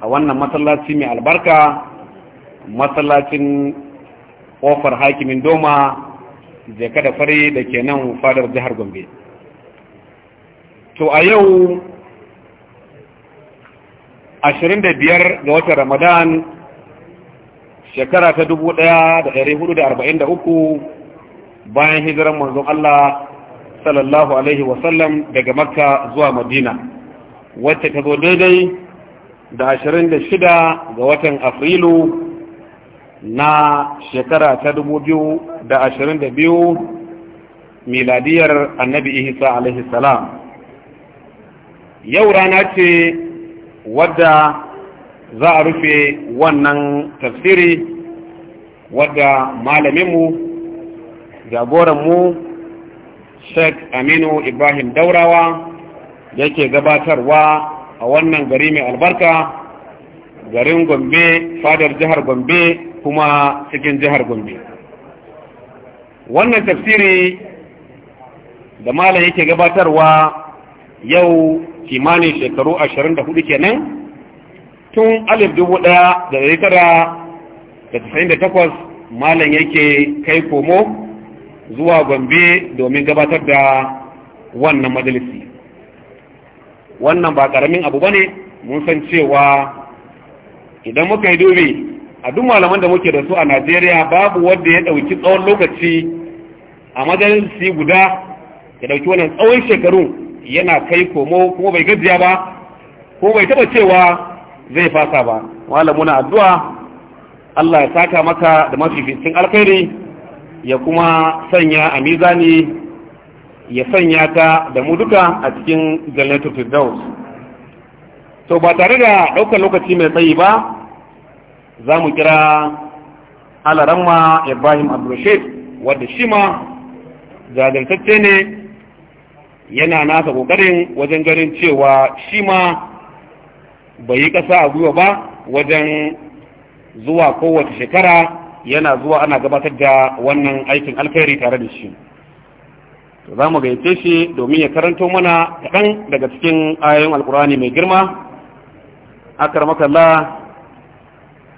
a wannan masallaci mai albarka masallacin ƙofar hakimin doma zai da fari da ke nan fadar jihar gombe to a yau 25 ga watan ramadan shekara ta 1443 bayan hijiran manzon Allah sallallahu alaihi wasallam daga makka zuwa madina wacce ta zo daidai da ashirin da shida ga watan afrilu na shekara ta dubu biyu da ashirin da biyu miladiyar annabi isa alaihi salam yau rana ce wadda za a rufe wannan tafsiri wadda malaminmu jagoranmu sheikh aminu ibrahim daurawa yake gabatarwa a wannan gari mai albarka garin gombe fadar jihar gombe kuma cikin jihar gombe wannan tafsiri da malam yake gabatarwa yau kimanin shekaru ashirin da hudu kenan tun alif dubu ɗaya da dari tara da tasa'in da takwas malam yake kai komo zuwa gombe domin gabatar da wannan majalisi wannan ba karamin abu ba ne mun san cewa idan muka yi dubi a duk malaman da muke da su a Najeriya babu wanda ya ɗauki tsawon lokaci a majalisi guda ya dauki wannan tsawon shekaru yana kai komo kuma bai gajiya ba ko bai taɓa cewa zai fasa ba malamuna addu'a Allah ya saka maka da mafificin alkhairi ya kuma sanya a mizani ya sanya ta da mu duka a cikin jannatul firdaus to ba tare da ɗaukar lokaci mai tsayi ba za mu kira alaramma ibrahim abdulrashid wadda shi ma jagantacce ne yana nasa ƙoƙarin wajen ganin cewa shi ma bai yi ƙasa a gwiwa ba wajen zuwa kowace shekara yana zuwa ana gabatar da wannan aikin alkhairi tare da shi to za mu gaice shi domin ya karanto mana kaɗan daga cikin ayoyin alkurani mai girma akar makalla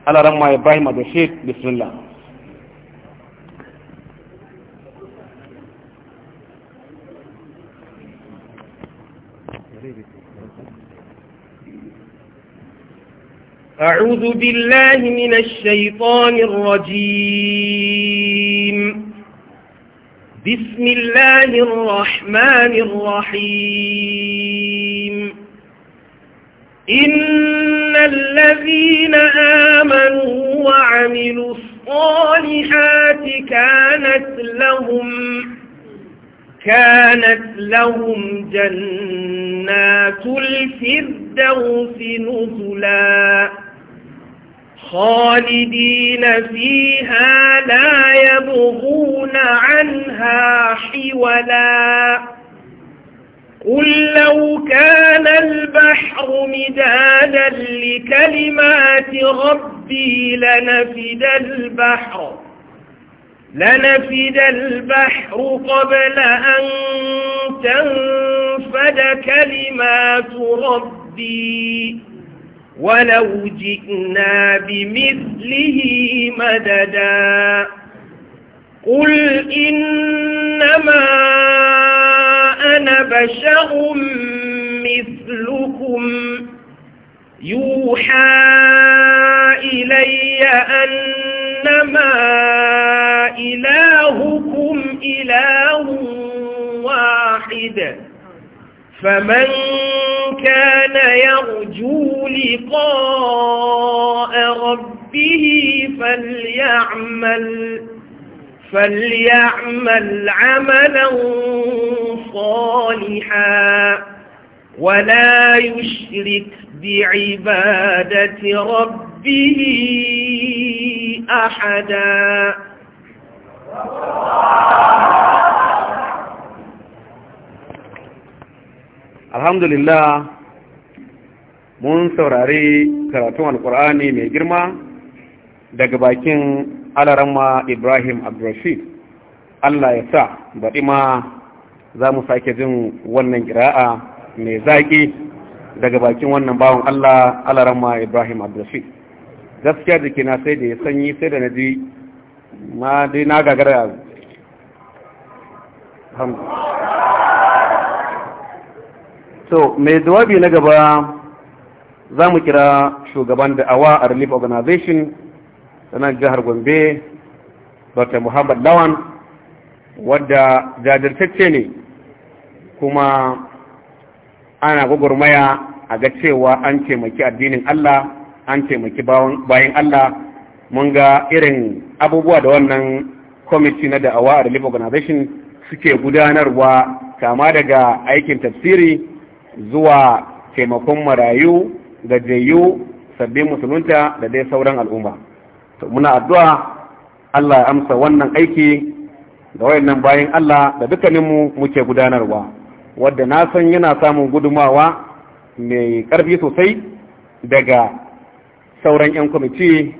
alaran ma ibrahim abashir bismillah أعوذ بالله من الشيطان الرجيم بسم الله الرحمن الرحيم إن الذين آمنوا وعملوا الصالحات كانت لهم كانت لهم جنات الفردوس نزلاً خالدين فيها لا يبغون عنها حولا قل لو كان البحر مدادا لكلمات ربي لنفد البحر لنفد البحر قبل أن تنفد كلمات ربي ولو جئنا بمثله مددا قل إنما أنا بشر مثلكم يوحى إلي أنما إلهكم إله واحد فمن كان يرجو لقاء ربه فليعمل فليعمل عملا صالحا ولا يشرك بعبادة ربه أحدا alhamdulillah mun saurari karatun alkur'ani mai girma daga bakin alarama ibrahim abdurrashid allah ya sa baɗi ma za mu sake jin wannan kira'a mai zaƙi daga bakin wannan bawan allah alarama ibrahim abdurrashid gaskiya jikina sai da ya sanyi sai da na ji ma dai na gagara alhamdulillah so mai jawabi na gaba za mu kira shugaban da'awa a relief organization sanar jihar gombe dr muhammad lawan wadda jajirtacce ne kuma ana gwagwarmaya a ga cewa an taimaki addinin allah an taimaki bayan allah mun ga irin abubuwa da wannan kwamiti na da'awa a relief organization suke gudanarwa kama daga aikin tafsiri zuwa taimakon marayu jayu sabbin musulunta da dai sauran al'umma to muna addu'a Allah ya amsa wannan aiki da wayannan bayan Allah da mu muke gudanarwa wadda na san yana samun gudumawa mai ƙarfi sosai daga sauran 'yan kwamiti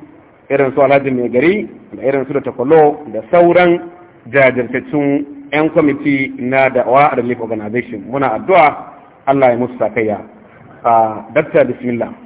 irin su alhaji mai gari da irin su da takwalo da sauran jajirtattun 'yan kwamiti na da'awa relief organization muna addu'a Allah ya musu sakayya a ah, dakta bismillah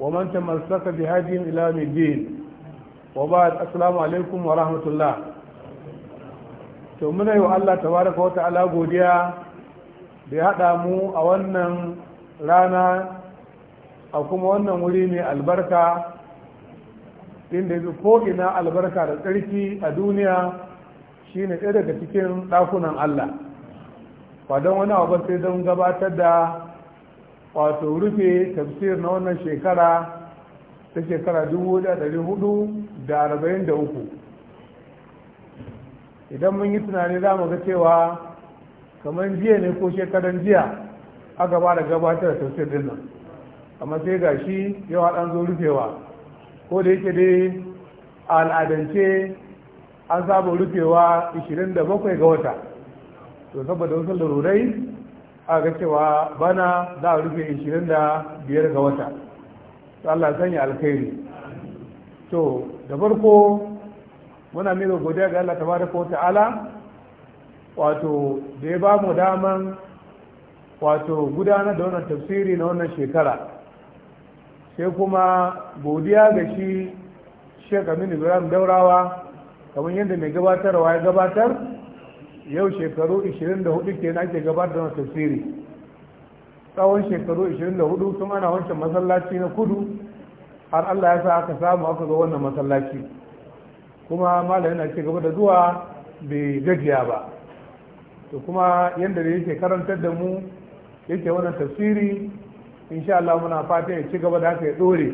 ومن تمسك بهديهم الى يوم الدين وبعد السلام عليكم ورحمه الله to muna yi wa Allah tabaraka wata ala godiya da haɗa mu a wannan rana a kuma wannan wuri mai albarka inda ya ko ina albarka da tsarki a duniya shine ɗaya daga cikin ɗakunan Allah ba don wani abu sai don gabatar da wato rufe tafsir na wannan shekara ta shekara uku. idan mun yi tunani za mu ga cewa kamar jiya ne ko shekaran jiya aka ba da gabatar tafsir din nan amma sai ga shi yau an zo rufewa ko da yake dai al'adance an saba rufewa 27 ga wata to saboda wasu larurai a ga cewa bana za a rufe 25 ga wata Allah sanya alkhairi to da farko muna mai godiya ga Allah tabaraka wa ta'ala wato da ya ba mu daman wato gudanar da wannan tafsiri na wannan shekara sai kuma godiya ga shi Sheikh Aminu Ibrahim Daurawa kamar yadda mai gabatarwa ya gabatar yau shekaru 24 kenan ake gabatar da tafsiri tsawon shekaru 24 tun ana wancan masallaci na kudu har Allah ya sa aka samu aka ga wannan masallaci kuma malam yana cigaba gaba da zuwa bai gajiya ba to kuma yadda da yake karantar da mu yake wannan tafsiri insha Allah muna fata ya ci gaba da haka ya dore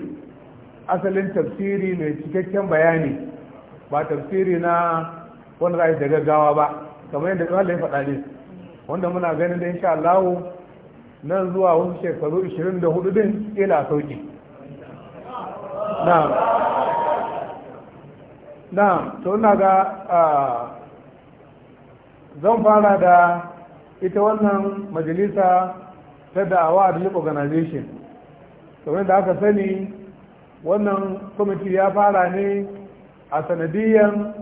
asalin tafsiri mai cikakken bayani ba tafsiri na wanda za da gaggawa ba kamar yadda tsawon ya faɗa ne wanda muna ganin da insha Allah nan zuwa wasu shekaru 24 din ila sauki na'am na'am to ina ga zan fara da ita wannan majalisa ta da'awa da organization kamar da aka sani wannan kwamiti ya fara ne a sanadiyan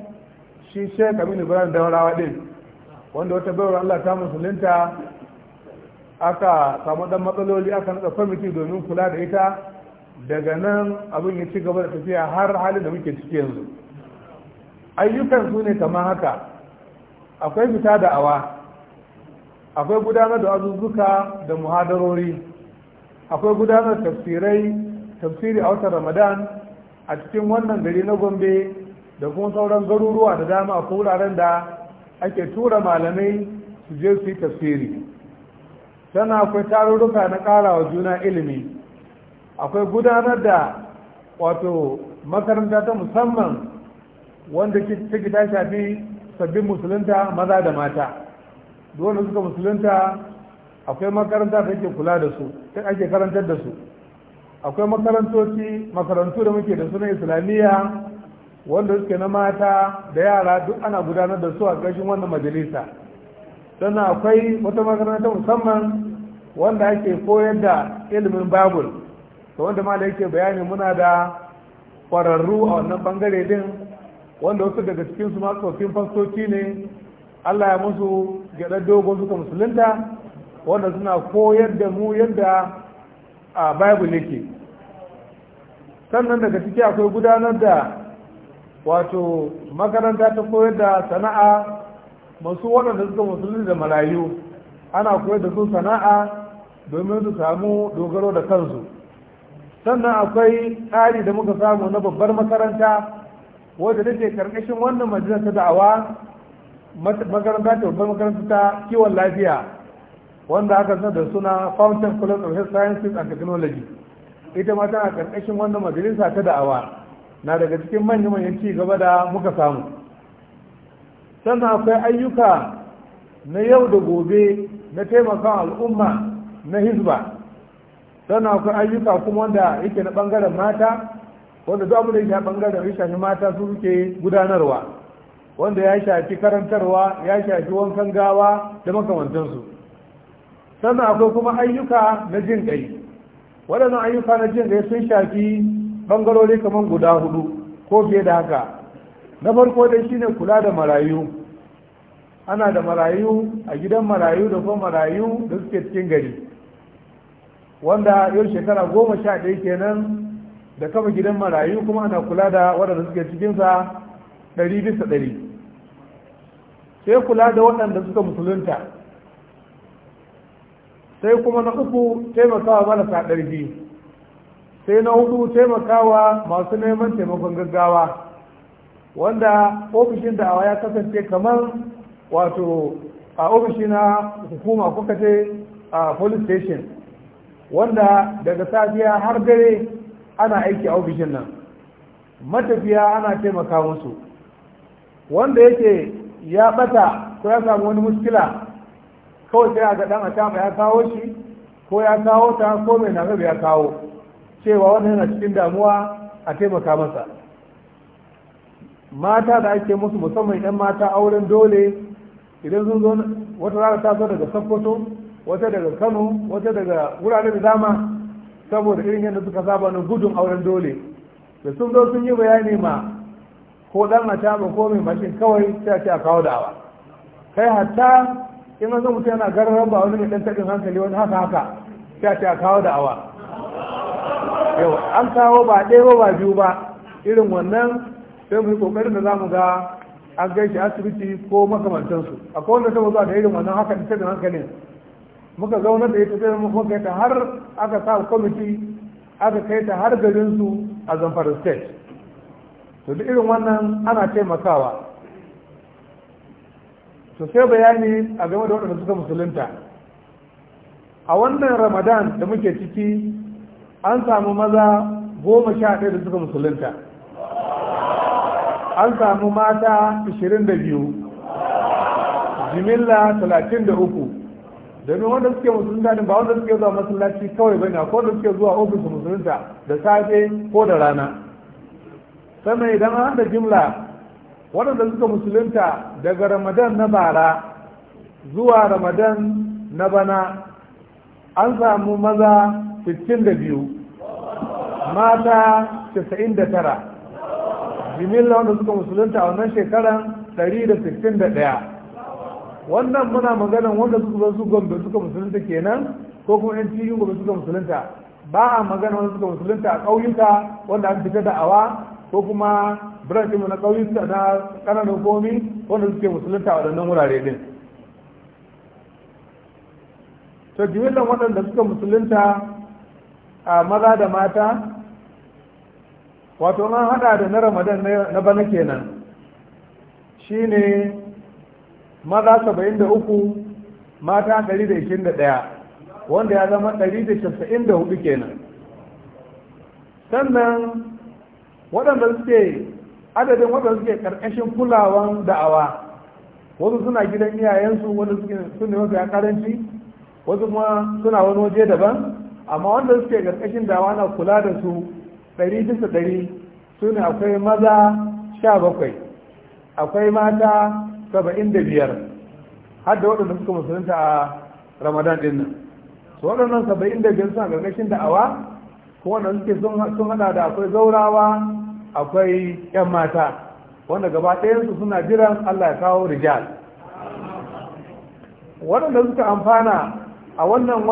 shi shekaru ibrahim daurawa din wanda wata bayar Allah ta musulunta aka samu dan matsaloli aka nada kwamiti domin kula da ita daga nan abin ya ci gaba da tafiya har halin da muke ciki yanzu ayyukan su ne kamar haka akwai fita da awa akwai gudanar da azuzzuka da muhadarori akwai gudanar tafsirai tafsiri a watan ramadan a cikin wannan gari na gombe da kuma sauran garuruwa da dama a wuraren da ake tura malamai su je su yi tafsiri sannan akwai tarurruka na ƙarawa juna ilimi akwai gudanar da wato makaranta ta musamman wanda take ta shafi sabbin musulunta maza da mata dole suka musulunta akwai makaranta da ke kula da su ta ake karantar da su akwai makarantoci makarantu da muke da suna islamiyya wanda suke na mata da yara duk ana gudanar da su a ƙarshen wannan majalisa sannan akwai wata makaranta musamman wanda ake koyar da ilimin babul da wanda ma da yake bayani muna da kwararru a wannan bangare din wanda wasu daga cikin su masu tsofin fastoci ne allah ya musu gyaɗa dogon suka musulunta wanda suna koyar da mu yadda a babul yake sannan daga ciki akwai gudanar da wato makaranta ta koyar da sana'a masu waɗanda suka musulmi da malayu ana koyar da su sana'a domin su samu dogaro da kansu sannan akwai tsari da muka samu na babbar makaranta wadda take karkashin wannan majalisar ta da'awa makaranta ta babbar makaranta ta kiwon lafiya wanda aka sanar da suna fountain college of health sciences and technology ita ma tana karkashin wannan majalisa ta da'awa na daga cikin manyan manyan ci gaba da muka samu sannan akwai ayyuka na yau da gobe na taimakon al'umma na hizba sannan akwai ayyuka kuma wanda yake na bangaren mata wanda duk abin da yake bangaren ya shafi mata su suke gudanarwa wanda ya shafi karantarwa ya shafi wankan gawa da makamantansu sannan akwai kuma ayyuka na jin kai waɗannan ayyuka na jin kai sun shafi bangarori kamar guda hudu ko fiye da haka na farko dai shine kula da marayu ana da marayu a gidan marayu da kuma marayu da suke cikin gari wanda yau shekara goma sha ɗaya kenan da kama gidan marayu kuma ana kula da waɗanda suke cikinsa ɗari bisa ɗari sai kula da waɗanda suka musulunta sai kuma na uku taimakawa marasa ƙarfi sai na hudu taimakawa masu neman taimakon gaggawa wanda ofishin da'awa ya kasance kamar wato a ofishi na hukuma kuka ce a police station wanda daga safiya har dare ana aiki a ofishin nan matafiya ana taimaka musu wanda yake ya bata ko ya samu wani muskila kawai sai a ga dan a ya kawo shi ko ya kawo ta ko mai na ya kawo cewa wani yana cikin damuwa a taimaka masa mata da ake musu musamman idan mata auren dole idan sun zo wata rana ta zo daga sokoto wata daga kano wata daga wurare da dama saboda irin yadda suka saba na gudun auren dole da sun zo sun yi bayani ma ko dan a taba ko mai mashin kawai sai ce a kawo da'awa kai hatta in an zo mutum yana gararan ba wani mai ɗan taɓin hankali wani haka haka sai ce a kawo da'awa yau an kawo ba ɗaya ba biyu ba irin wannan sai mu yi kokarin da zamu ga an gaishe asibiti ko makamantansu akwai wanda ta zuwa da irin wannan haka ita da hankalin muka zauna da ita sai muka kai ta har aka sa kwamiti aka kai ta har garin su a zamfara state to duk irin wannan ana taimakawa to sai bayani a game da waɗanda suka musulunta a wannan ramadan da muke ciki an samu maza goma sha ɗaya da suka musulunta an samu mata ashirin da biyu jimilla talatin da uku domin wanda suke musulunta ne ba wanda suke zuwa masallaci kawai bane ko da suke zuwa ofis musulunta da safe ko da rana sannan idan an da jimla waɗanda suka musulunta daga ramadan na bara zuwa ramadan na bana an samu maza 62 mata 99 jimillar wanda suka musulunta a wannan shekaran 161 wannan muna magana wanda suka zo su gombe suka musulunta kenan ko kuma yan cikin gombe suka musulunta ba a magana wanda suka musulunta a ƙauyuka wanda an fita da awa ko kuma birnin na ƙauyuka na ƙananan komi wanda suke musulunta a waɗannan wurare din to jimillar waɗanda suka musulunta a maza da mata wato na hada da na ramadan na bana kenan shi ne maza saba'in da uku mata ɗari da ishirin da ɗaya wanda ya zama ɗari da casa'in da hudu kenan sannan waɗanda suke adadin waɗanda suke ƙarƙashin kulawan da'awa wasu suna gidan iyayensu wanda suke suna mafi karanci wasu kuma suna wani waje daban amma wanda suke ƙarƙashin dawa na kula da su ɗari bisa ɗari su ne akwai maza sha bakwai akwai mata saba'in da biyar har da waɗanda suka musulunta a ramadan ɗin nan su waɗannan saba'in da biyar suna ƙarƙashin da'awa ko wanda suke sun haɗa da akwai zaurawa akwai 'yan mata wanda gaba ɗayansu suna jiran allah ya kawo rijal waɗanda suka amfana a wannan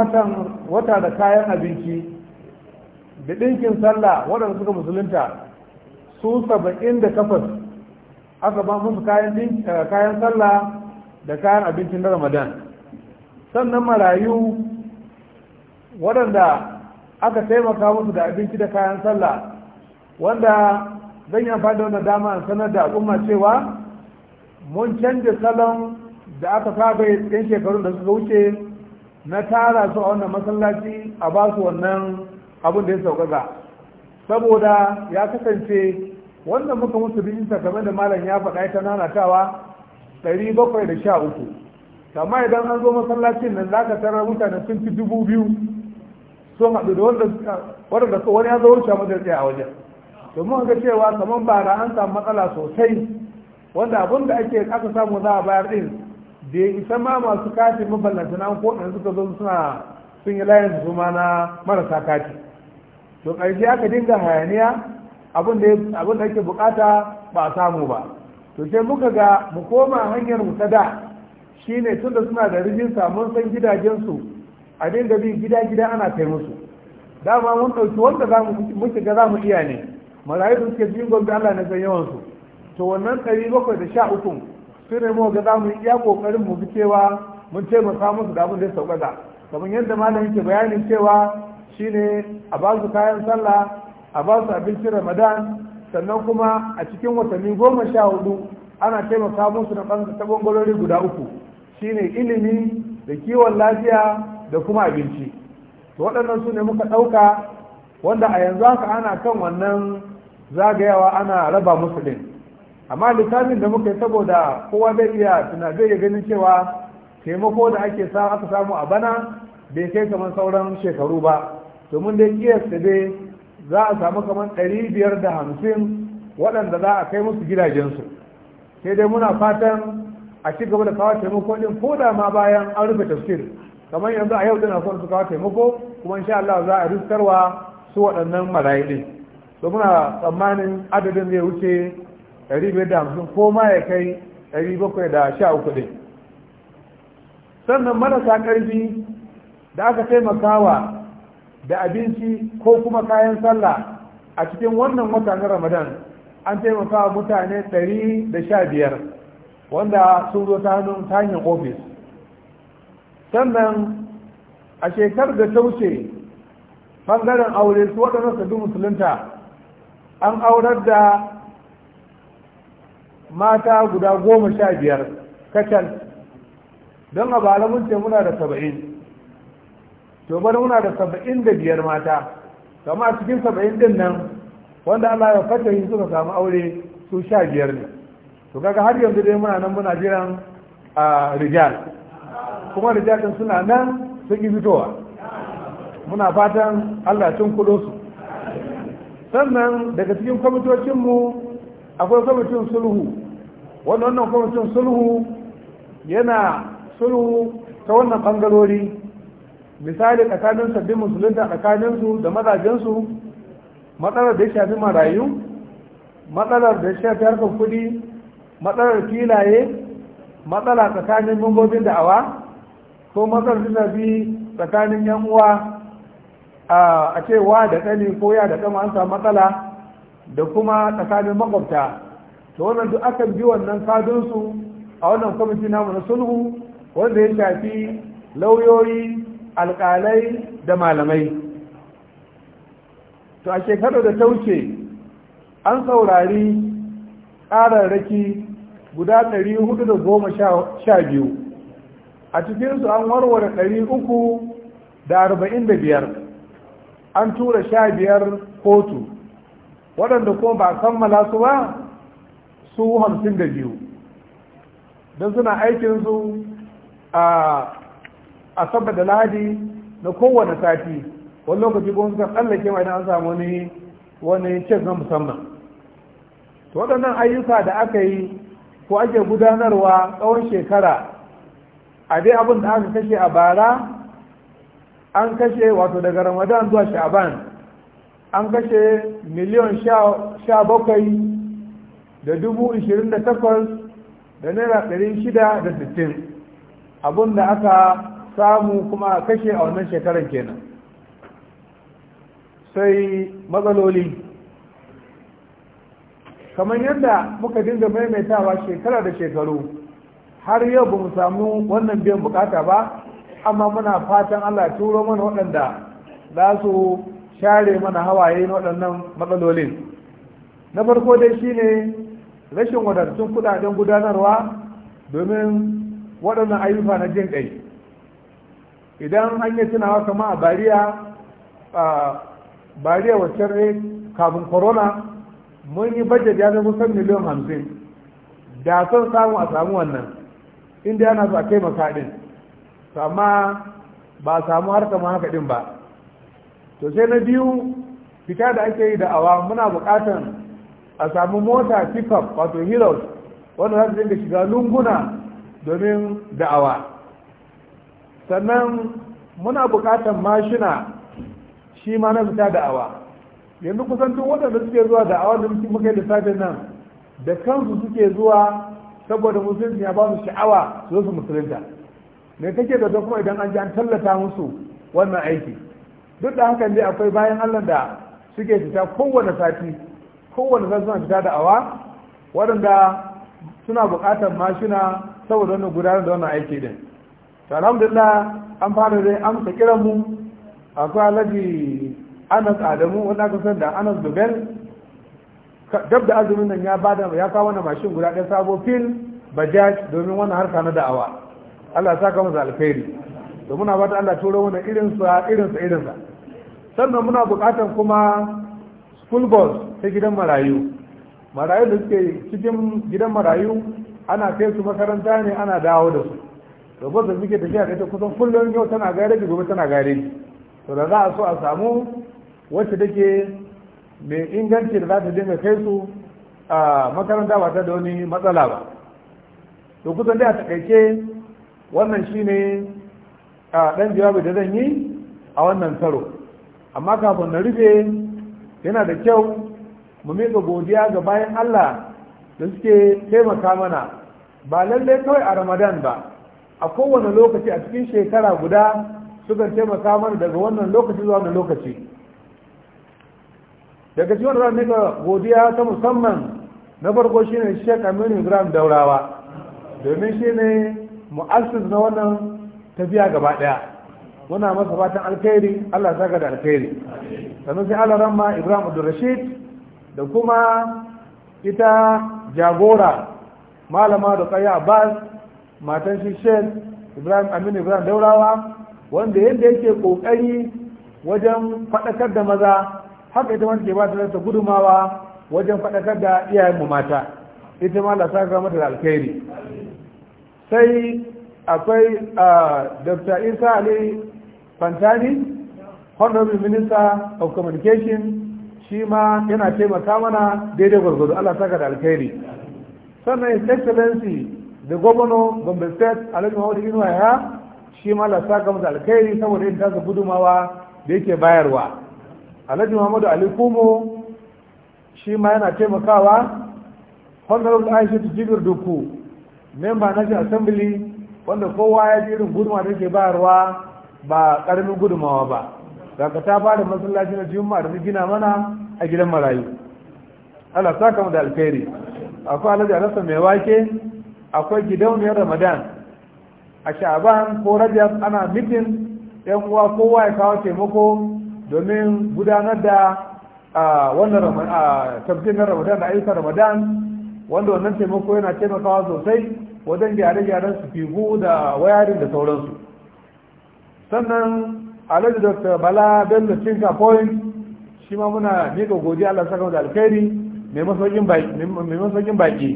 wata da kayan abinci da ɗinkin sallah waɗanda suka musulunta su saba'in da kafas aka ba musu kayan eh, sallah da kayan abincin na ramadan sannan marayu waɗanda aka taimaka musu da abinci da kayan sallah wanda zan yi amfani da wannan dama in sanar da al'umma cewa mun canja salon da aka saba yan shekarun da suka wuce na tara su a wannan masallaci a ba su wannan abin da ya sauƙaƙa saboda ya kasance wanda muka musu bijinta game da malam ya faɗa ita nanatawa ɗari bakwai da sha uku amma idan an zo masallacin nan zaka tara mutane sun fi dubu biyu sun haɗu da wanda wani ya zo wuce mata tsaye a wajen domin ga cewa kamar bara an samu matsala sosai wanda abin da ake aka samu za a bayar ɗin da ya isa ma masu kati maballanta na ko ɗan suka zo suna sun yi layin su ma na marasa kati to ƙarshe aka dinga hayaniya abin da ake bukata ba a samu ba to sai muka ga mu koma hanyar mu ta da shine tunda suna da rijin mun san gidajensu a dinga bin gida-gida ana kai musu dama mun ɗauki wanda za mu shiga za mu iya ne marayu da suke cikin gombe Allah na san yawansu to wannan ɗari bakwai da sha uku sai dai mu ga za mu iya kokarin mu bi cewa mun taimaka musu da abin da ya da kamar yadda malam yake bayanin cewa shine a ba su kayan sallah a ba su ramadan sannan kuma a cikin watanni goma sha hudu ana taimaka musu da ɓangare ta ɓangarori guda uku shine ilimi da kiwon lafiya da kuma abinci to waɗannan su ne muka ɗauka wanda a yanzu haka ana kan wannan zagayawa ana raba musu amma lissafin da muka yi saboda kowa zai iya tuna zai iya ganin cewa taimako da ake sa aka samu a bana bai kai kamar sauran shekaru ba domin dai kiyasta dai za a samu kamar ɗari biyar da hamsin waɗanda za a kai musu gidajensu sai dai muna fatan a ci gaba da kawo taimako ɗin ko da ma bayan an rufe tafsir kamar yanzu a yau dana son su kawo taimako kuma insha Allah za a riskarwa su waɗannan marayi ɗin muna tsammanin adadin zai wuce 750 ko ma ya kai 713 din sannan marasa ƙarfi da aka taimakawa da abinci ko kuma kayan sallah a cikin wannan wata na ramadan an taimakawa mutane 115 wanda sun zo ta hannun ofis sannan a shekar da ta wuce ɓangaren aure su waɗanda su musulunta an aurar da mata guda goma sha biyar kacal don a bala mun muna da saba'in to bari muna da saba'in da biyar mata kama cikin saba'in din nan wanda allah ya fata yi suka samu aure su sha biyar ne to kaga har yanzu dai muna nan muna jiran a rijal kuma rijal suna nan sun yi fitowa muna fatan allah tun kudo su sannan daga cikin kwamitocinmu akwai kwamitin sulhu wannan wannan kwamitin sulhu yana sulhu ta wannan ɓangarori misali tsakanin sabbin musulunta tsakaninsu da mazajensu matsalar da ya shafi marayu matsalar da ya shafi harkar kuɗi matsalar filaye matsala tsakanin mambobin da'awa ko matsalar da fi tsakanin yan uwa a cewa da ƙani ko ya da kama an samu matsala da kuma tsakanin makwabta to wannan duk akan bi wannan kadunsu a wannan kwamiti namu na sulhu wanda ya shafi lauyoyi alƙalai da malamai to a shekarar da ta wuce an saurari ƙararraki guda 412 a cikinsu an warware 345 an tura 15 kotu waɗanda kuma ba kammala su ba su hamsin da biyu don suna aikinsu a asabar da lahadi na kowane sati wani lokaci kuma suka tsallake wa an samu wani wani cin na musamman to waɗannan ayyuka da aka yi ko ake gudanarwa tsawon shekara a dai abin da aka kashe a bara an kashe wato daga ramadan zuwa sha'aban an kashe miliyan sha bakwai da dubu ishirin da takwas da naira ɗari shida da sittin abin da aka samu kuma kashe a wannan shekarar kenan sai matsaloli kamar yadda muka dinga maimaitawa shekara da shekaru har yau ba mu samu wannan biyan bukata ba amma muna fatan allah turo mana waɗanda za su share mana hawaye na waɗannan matsalolin na farko dai shine rashin wadatun kudaden gudanarwa domin waɗannan ayyuka na jin ƙai idan an yi tunawa kama a bariya bariya wacce ne kafin corona mun yi bajet ya zama kusan miliyan hamsin da son samu a samu wannan inda yana so a taimaka ɗin, amma ba a samu harka ma haka ɗin ba to sai na biyu fita da ake yi da awa muna buƙatar a samu mota pickup wato heroes wanda za su dinga shiga lunguna domin da'awa sannan muna bukatan mashina shi ma na fita da'awa yanzu kusan duk waɗanda suke zuwa da'awa da muka yi lissafin nan da kansu suke zuwa saboda musulunci ya ba su sha'awa su su musulunta me kake da kuma idan an ji an tallata musu wannan aiki duk da hakan dai akwai bayan allah da suke fita kowane sati kowane zan suna fita da awa waɗanda suna buƙatar mashina saboda wannan gudanar da wannan aiki din to alhamdulillah an fara dai amsa kiran mu akwai alhaji anas adamu wanda aka san da anas dubel gab da azumin nan ya bada ya kawo wannan mashin guda ɗaya sabo fil bajaj domin wannan harka na da'awa Allah ya saka masa alkhairi to muna bata Allah turo wani irin sa irin sa irin sa sannan muna buƙatar kuma full bus ta gidan marayu marayu da suke cikin gidan marayu ana kai su makaranta ne ana dawo da su da bus da suke tafiya kai ta kusan kullum yau tana gareji gobe tana gareji to da za a so a samu wacce take mai inganci da za ta dinga kai su a makaranta ba ta da wani matsala ba to kusan dai a takaice wannan shine a dan jawabi da zan yi a wannan karo amma kafin na rufe yana da kyau mu miƙa godiya ga bayan Allah da suke taimaka mana ba lallai kawai a ramadan ba a kowane lokaci a cikin shekara guda sukan taimaka mana daga wannan lokaci zuwa wannan lokaci daga cikin wannan miƙa godiya ta musamman na farko shine Sheikh Aminu Ibrahim Daurawa domin shine mu'assis na wannan tafiya gaba daya muna masa fatan alkhairi Allah saka da alkhairi sannan sai alaran ma ibrahim abdulrashid da kuma ita jagora malama da kaya abbas matan shi shek ibrahim aminu ibrahim daurawa wanda yadda yake kokari wajen faɗakar da maza haka ita wanda ke ba ta gudumawa wajen faɗakar da iyayen mu mata ita ma la saka mata da alkhairi sai akwai ah, dr isa ali fantani honorable minister of communication shi ma yana taimaka mana daidai gwargwado allah saka da alkhairi sannan his excellency the governor gombe state alhaji muhammadu inuwa ya shi ma allah saka masa alkhairi saboda yin tasa gudumawa da yake bayarwa alhaji muhammadu ali kumo shi ma yana taimakawa honorable aisha jibir duku memba national assembly wanda kowa ya ji irin gudunmawa da yake bayarwa ba karamin gudunmawa ba daga ta fara masallaci na juma'a da gina mana a gidan marayu Allah saka mu da alkhairi akwai alaji alasa mai wake akwai gidauniyar ramadan a sha'aban ko rajab ana mitin yan uwa kowa ya kawo taimako domin gudanar da wannan tafsir na ramadan da ayyukan ramadan wanda wannan taimako yana taimakawa sosai wajen gyare-gyaren su figu da wayarin da sauransu sannan alhaji dr bala bello cinka point shi ma muna miƙa godiya allah saka da alkhairi mai masaukin baki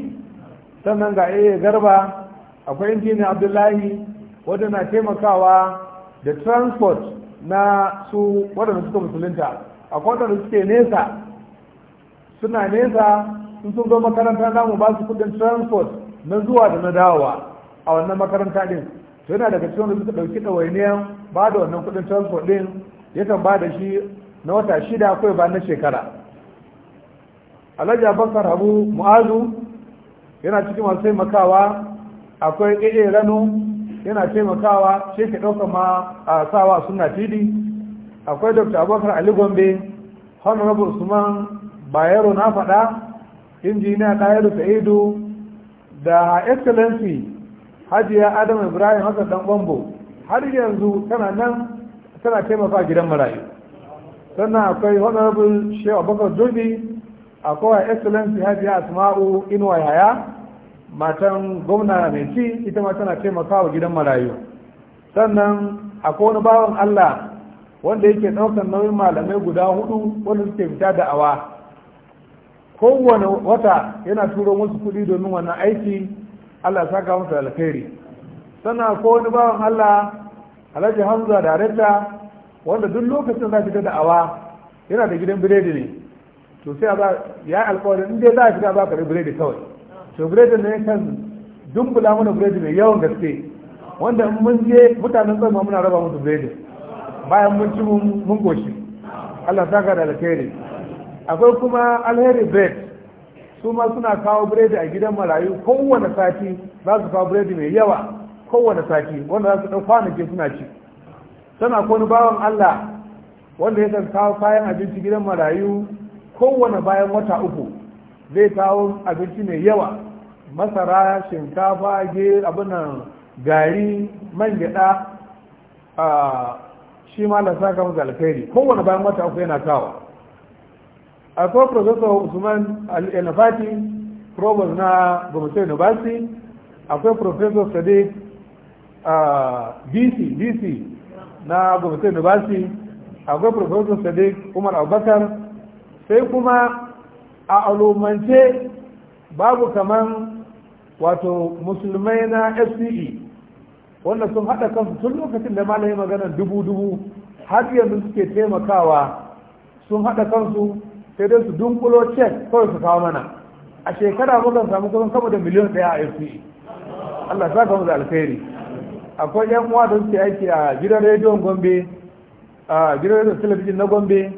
sannan ga iya garba akwai injiniya abdullahi wadda na taimakawa da transport na su waɗanda suka musulunta akwai waɗanda suke nesa suna nesa sun sun zo makaranta namu ba su kudin transport na zuwa da na dawowa a wannan makaranta din to yana daga cikin wanda suka ɗauki ɗawainiyar ba da wannan kuɗin transport ɗin yakan ba da shi na wata shida kawai ba na shekara alhaji abubakar habu mu'azu yana cikin masu taimakawa akwai ƙiƙe rano yana taimakawa shi ke ɗauka ma a sawa suna tidi. akwai dr abubakar ali gombe honorable usman bayero na faɗa injiniya ɗaya da sa'idu da excellency hajiya adam ibrahim haka dan bambo har yanzu tana nan tana taimaka gidan marayu sannan akwai honorable shehu abubakar jobi akwai excellency hajiya asma'u inuwa yaya matan gwamna mai ci ita ma tana taimaka wa gidan marayu sannan akwai wani bawan allah wanda yake ɗaukar nauyin malamai guda hudu wanda suke fita da awa kowane wata yana turo musu kuɗi domin wannan aiki Allah ya saka masa alkhairi Sana ko wani bawan Allah Alhaji Hamza darekta wanda duk lokacin za fita da'awa yana da gidan biredi ne to sai ba ya alƙawarin in dai za a fita ba ka da biredi kawai to biredi ne kan dumbula mana biredi mai yawan gaske wanda in mun je mutanen tsarma muna raba musu biredi bayan mun ci mun goshi Allah saka da alkhairi akwai kuma alheri bread su ma suna kawo biredi a gidan marayu kowane sati za su kawo biredi mai yawa kowane sati wanda za su ɗan kwanaki suna ci tana wani bawan Allah wanda ya kawo kayan abinci gidan marayu kowane bayan wata uku zai kawo abinci mai yawa masara shinkafa ge abinan gari man gyaɗa shi ma da saka masa alkhairi kowane bayan wata uku yana kawo akwai professor usman al-elafati provost na gomito university akwai professor sadiq bc bc na gomito university akwai professor sadiq umar abubakar sai kuma a alumance babu kamar wato musulmai na fce wanda sun haɗa kansu tun lokacin da malayi magana dubu-dubu har yanzu suke taimakawa sun haɗa kansu sai dai su dunkulo cek kawai su kawo mana a shekara muka samu kusan sama da miliyan daya a fce allah sa kawo da alkhairi akwai yan uwa da suke aiki a gidan rediyon gombe a gidan rediyon talabijin na gombe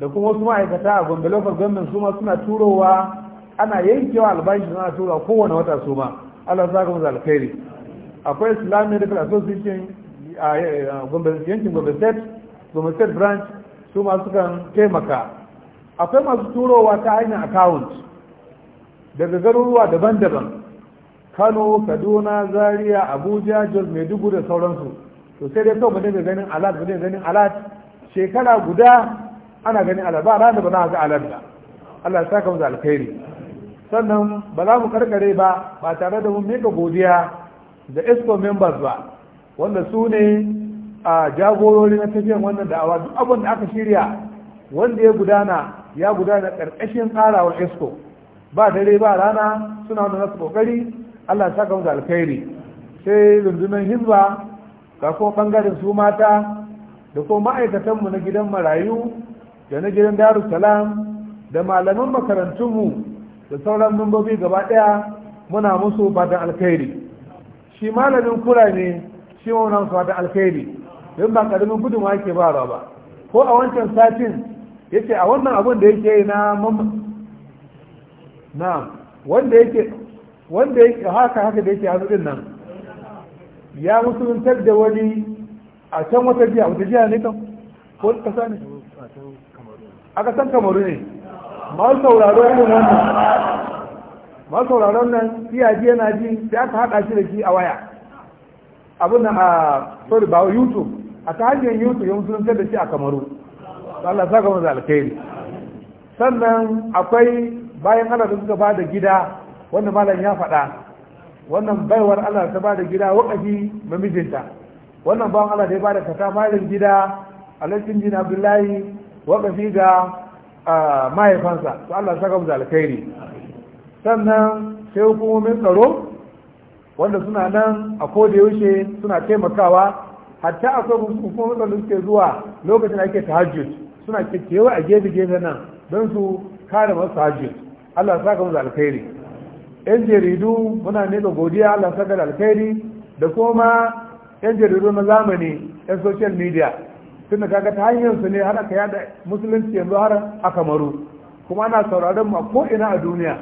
da kuma wasu ma'aikata a gombe lokacin government su ma suna turowa ana yankewa albashi suna turowa kowane wata su ma allah sa kawo da alkhairi akwai islamic medical association a yankin gombe state gombe state branch su ma sukan taimaka akwai masu turowa ta hanyar account daga garuruwa daban-daban kano kaduna zaria abuja jos maiduguri da sauransu to sai dai kawai ne ganin alat mu ganin alat shekara guda ana ganin alat ba ranar ba na ga alat ba Allah ya saka mu alkhairi sannan ba za mu karkare ba ba tare da mun mika godiya da esco members ba wanda su ne a jagorori na tafiyan wannan da'awa duk abin da aka shirya wanda ya gudana ya gudana ƙarƙashin tsarawa Esco. ba dare ba rana suna nuna su ƙoƙari Allah ya saka musu alkhairi sai rundunar hizba ga kuma bangaren su mata da kuma ma'aikatanmu na gidan marayu da na gidan darussalam da malaman makarantunmu da sauran lambobi gaba ɗaya muna musu fatan alkhairi shi malamin kura ne shi muna musu fatan alkhairi don ba ƙaramin gudunmawa ke ba ba ko a wancan satin yace a wannan abun da yake na na wanda yake wanda yake haka haka da yake hannu nan ya musuluntar da wani a can wata jiya wata jiya ne kan ko kasa ne a kasan kamaru ne masu sauraro irin wannan masu sauraro nan iya yana ji sai aka haɗa shi da shi a waya abin a sorry ba youtube a ta hanyar youtube ya musuluntar da shi a kamaru Allah saka masa alkhairi sannan akwai bayan Allah da suka bada gida wanda malam ya faɗa wannan baiwar Allah ta bada gida wakafi mamijinta wannan bawan Allah da ya bada kata malin gida alhakin jin abdullahi wakafi ga mahaifansa to Allah saka masa alkhairi sannan sai hukumomin tsaro wanda suna nan a koda yaushe suna taimakawa hatta akwai hukumomin tsaro suke zuwa lokacin ake tahajjud suna kekewa a gefe-gefe nan don su kare masu hajji Allah saka musu alkhairi yan jaridu muna nuna godiya Allah saka da alkhairi da kuma yan jaridu na zamani yan social media tunda kaga ta hanyar su ne har aka yada musulunci yanzu har a kamaru kuma ana sauraron mu a ko a duniya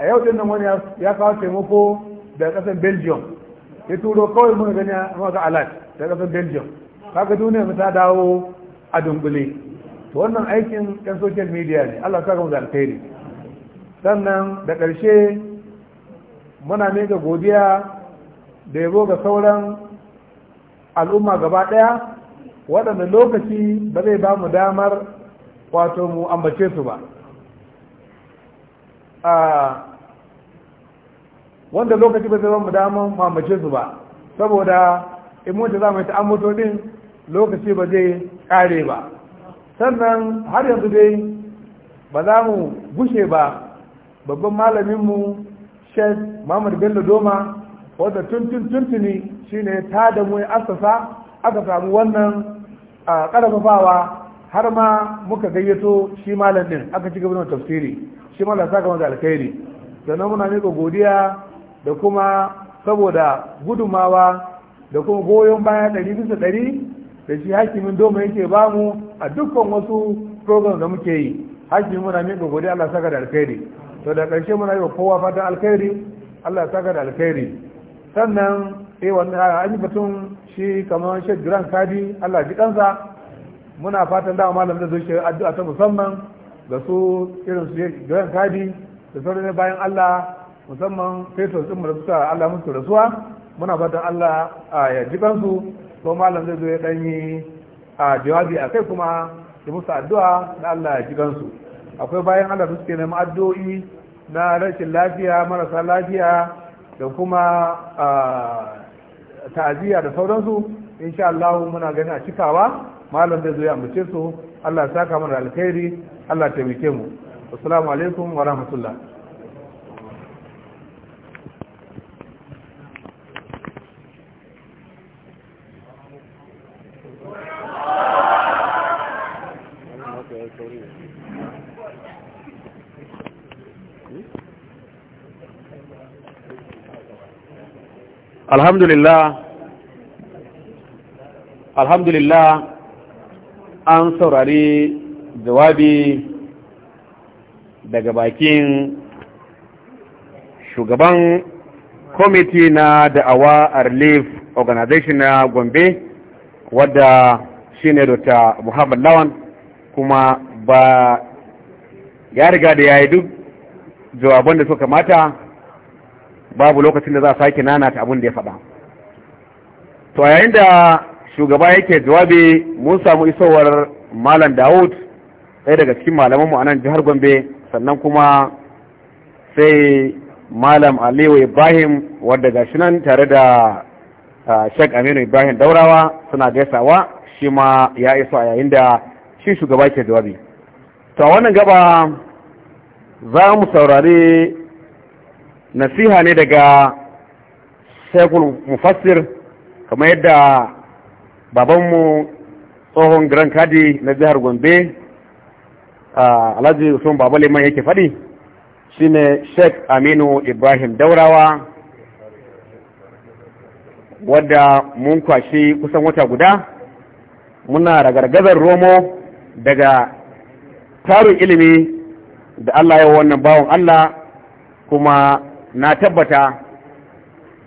a yau din nan wani ya kawo taimako daga ƙasar Belgium ya turo kawai muna gani a maka alat daga kasan Belgium kaga duniya mu ta dawo a dunkule to wannan aikin yan social media ne Allah ta gama da alkhairi sannan da ƙarshe muna mega godiya da yabo ga sauran al'umma gaba ɗaya waɗanda lokaci ba zai ba mu damar wato mu ambace su ba wanda lokaci ba zai ba mu damar mu ambace su ba saboda in mutu za mu yi ta'ammuto din lokaci ba zai ƙare ba sannan har yanzu dai ba za mu gushe ba babban malaminmu shek Muhammad Bello Doma wadda tuntun tuntuni shine ta da mu asasa aka samu wannan karfafawa har ma muka gayyato shi malam din aka ci gaba da tafsiri shi malam saka da alkhairi sannan muna miƙa godiya da kuma saboda gudumawa da kuma goyon baya ɗari bisa ɗari da shi hakimin doma yake ba mu a dukkan wasu program da muke yi hakimin muna miƙa godiya Allah saka da alkhairi to da ƙarshe muna yi wa kowa fatan alkhairi Allah saka da alkhairi sannan eh wannan ah, an yi batun shi kamar Sheikh Grand Kadi Allah ji kansa muna fatan da malam da zai shi addu'a ta musamman da su irin su Grand Kadi da sauran bayan Allah musamman fetur din mu da suka Allah musu rasuwa muna fatan Allah ah, ya ji kansu to malam zai zo ya dan yi a jawabi a kai kuma ya musu addu'a da Allah ya jigan su. akwai bayan Allah suke neman addu'o'i na rashin lafiya marasa lafiya da kuma ta'aziyya da sauransu insha Allah muna gani a cikawa malam zai zo ya ambace su Allah ya saka mana alkhairi Allah ya taimake mu assalamu alaikum wa rahmatullah alhamdulillah alhamdulillah an saurari jawabi daga bakin shugaban kwamiti na da'awa a relief organization na gombe wadda shine dr muhammad lawan kuma ba ya riga da ya yi duk jawaban da suka mata babu lokacin da za a sake nanata abin da ya faɗa to a yayin da shugaba yake jawabi mun samu isowar malam Dawud ɗaya daga cikin malamanmu a nan jihar Gombe sannan kuma sai malam Aliyu Ibrahim wadda gashi nan tare da Sheikh Aminu Ibrahim Daurawa suna gaisawa shi ma ya iso a yayin da shi shugaba ke jawabi to a wannan gaba za mu saurari nasiha ne daga shekul mufassir kamar yadda babanmu tsohon grand kadi na jihar gombe alhaji usman baba liman yake faɗi shine sheik aminu ibrahim daurawa wadda mun kwashi kusan wata guda muna ragargazar romo daga tarin ilimi da allah ya wannan bawon allah kuma na tabbata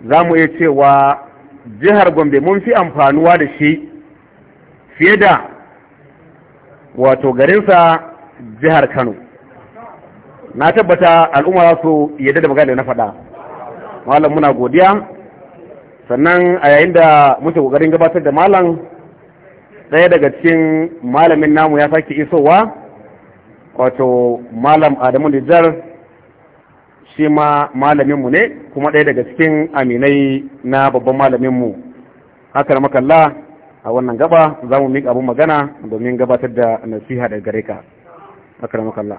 za mu iya cewa jihar gombe mun fi amfanuwa da shi fiye da wato garinsa jihar kano na tabbata al'umma za su yadda da magana na faɗa malam muna godiya sannan a yayin da muke ƙoƙarin gabatar da malam ɗaya daga cikin malamin namu ya sake isowa wato malam adamu nijar shi ma malaminmu ne kuma ɗaya daga cikin aminai na babban malaminmu haka makalla a wannan gaba za mu miƙa abin magana domin gabatar da nasiha daga gare ka haka makalla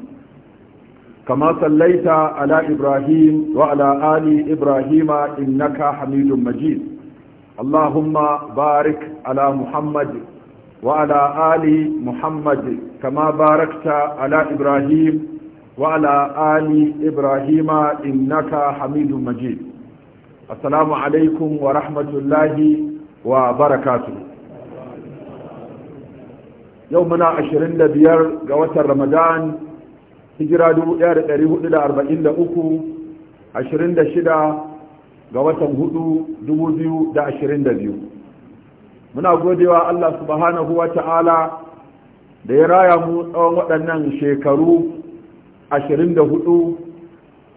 كما صليت على إبراهيم وعلى آل إبراهيم إنك حميد مجيد اللهم بارك على محمد وعلى آل محمد كما باركت على إبراهيم وعلى آل إبراهيم إنك حميد مجيد السلام عليكم ورحمة الله وبركاته يومنا عشرين لبيار قوة رمضان hijira 1443 26 ga watan 4 2022 muna godewa Allah subhanahu wa ta'ala da ya raya mu tsawon waɗannan shekaru 24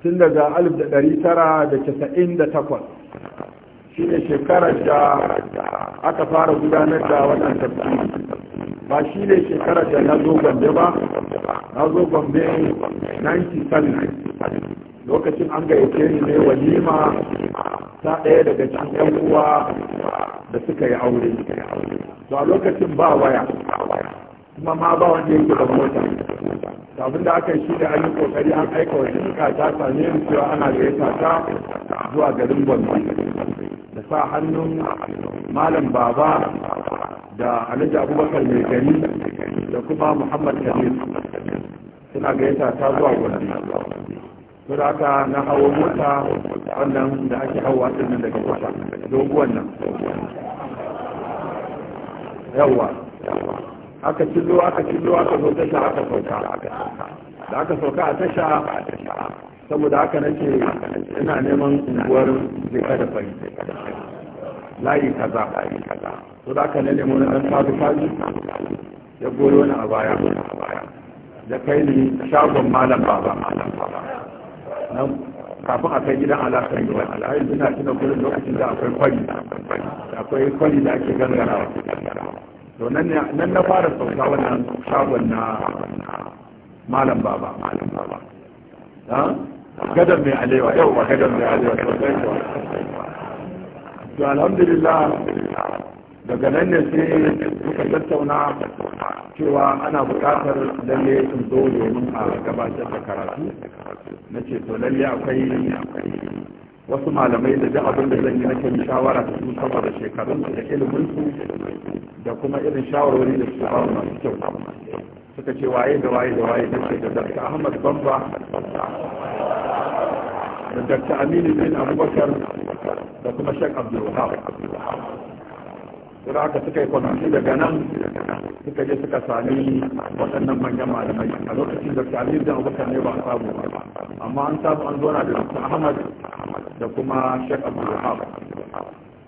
tun daga 1998 shi ne shekarar da aka fara gudanar da wannan tafsiri ba shi ne shekarar da na zo gombe ba na zo gombe 97 lokacin an gayyace ni ne walima ta ɗaya daga cikin yan uwa da suka yi aure to a lokacin ba waya kuma ma ba wanda yake da mota abin da aka yi shi da an yi kokari an aika wa shirka ta same ni cewa ana gayyata ta zuwa garin gombe da sa hannun malam baba da alhaji abubakar mai gari da kuma muhammad kabir suna gayyata ta zuwa gwanzi su da aka na hawa mota wannan da ake hawa din nan daga kusa doguwan nan yawa aka cillo aka cillo aka zo tasha aka sauka da aka sauka a tasha saboda haka nake ina neman unguwar zai kada fari layi kaza to da aka nade mu na faru faru ya goyo wani a baya da kai ni shagon malam baba nan kafin a kai gidan alaƙar yi wani alaƙar suna tuna gudun lokacin da akwai kwali akwai kwali da ake gangarawa to nan na fara sauka wannan shagon na malam baba gadon mai alewa yau ba gadon mai alewa to alhamdulillah daga nan ne sai suka tattauna cewa ana bukatar lalle sun zo domin a gabatar da karatu na ce to lalle akwai wasu malamai da duk abin da zan yi nake shawara da su saboda shekarun da ilimin su da kuma irin shawarwari da su ba masu kyau suka ce waye da waye da waye da ce da Dr. Ahmad Bamba da Dr. Aminu bin Abubakar da kuma Sheikh Abdul Wahab sai aka suka yi kwanaki daga nan suka je suka sami waɗannan manyan malamai a lokacin da sami da abubakar ne ba a samu ba amma an samu an zona da su ahmad da kuma shek abdulhab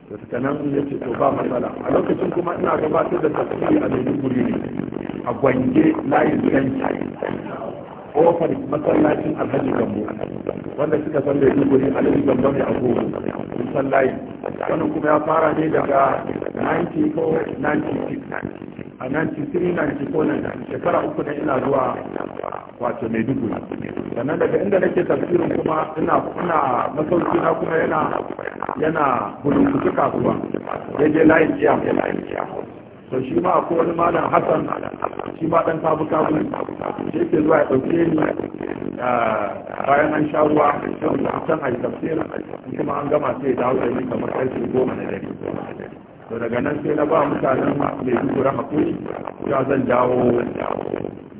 da suka nan ya ce to ba matsala a lokacin kuma ina gabatar da tafiye a maiduguri ne a gwange layin zanki ofar masallacin alhaji gambo wanda suka san da yake alaji gambar da agogo sun san layi wannan kuma ya fara ne daga 94 ko 96 a 93 94 shekara uku na ina zuwa wato mai dubu sannan daga inda nake tafsirin kuma ina ina masauki na kuma yana yana bulunkutu kasuwa daidai layin jiya to shi ma akwai wani malam hassan shi ma dan tabu-tabu shi ke zuwa ya dauke ni bayan an sha ruwa can a yi kuma an gama sai dawo da yi kamar ƙarfe goma na dare to daga nan sai na ba mutanen mai duk rama hakuri ya zan dawo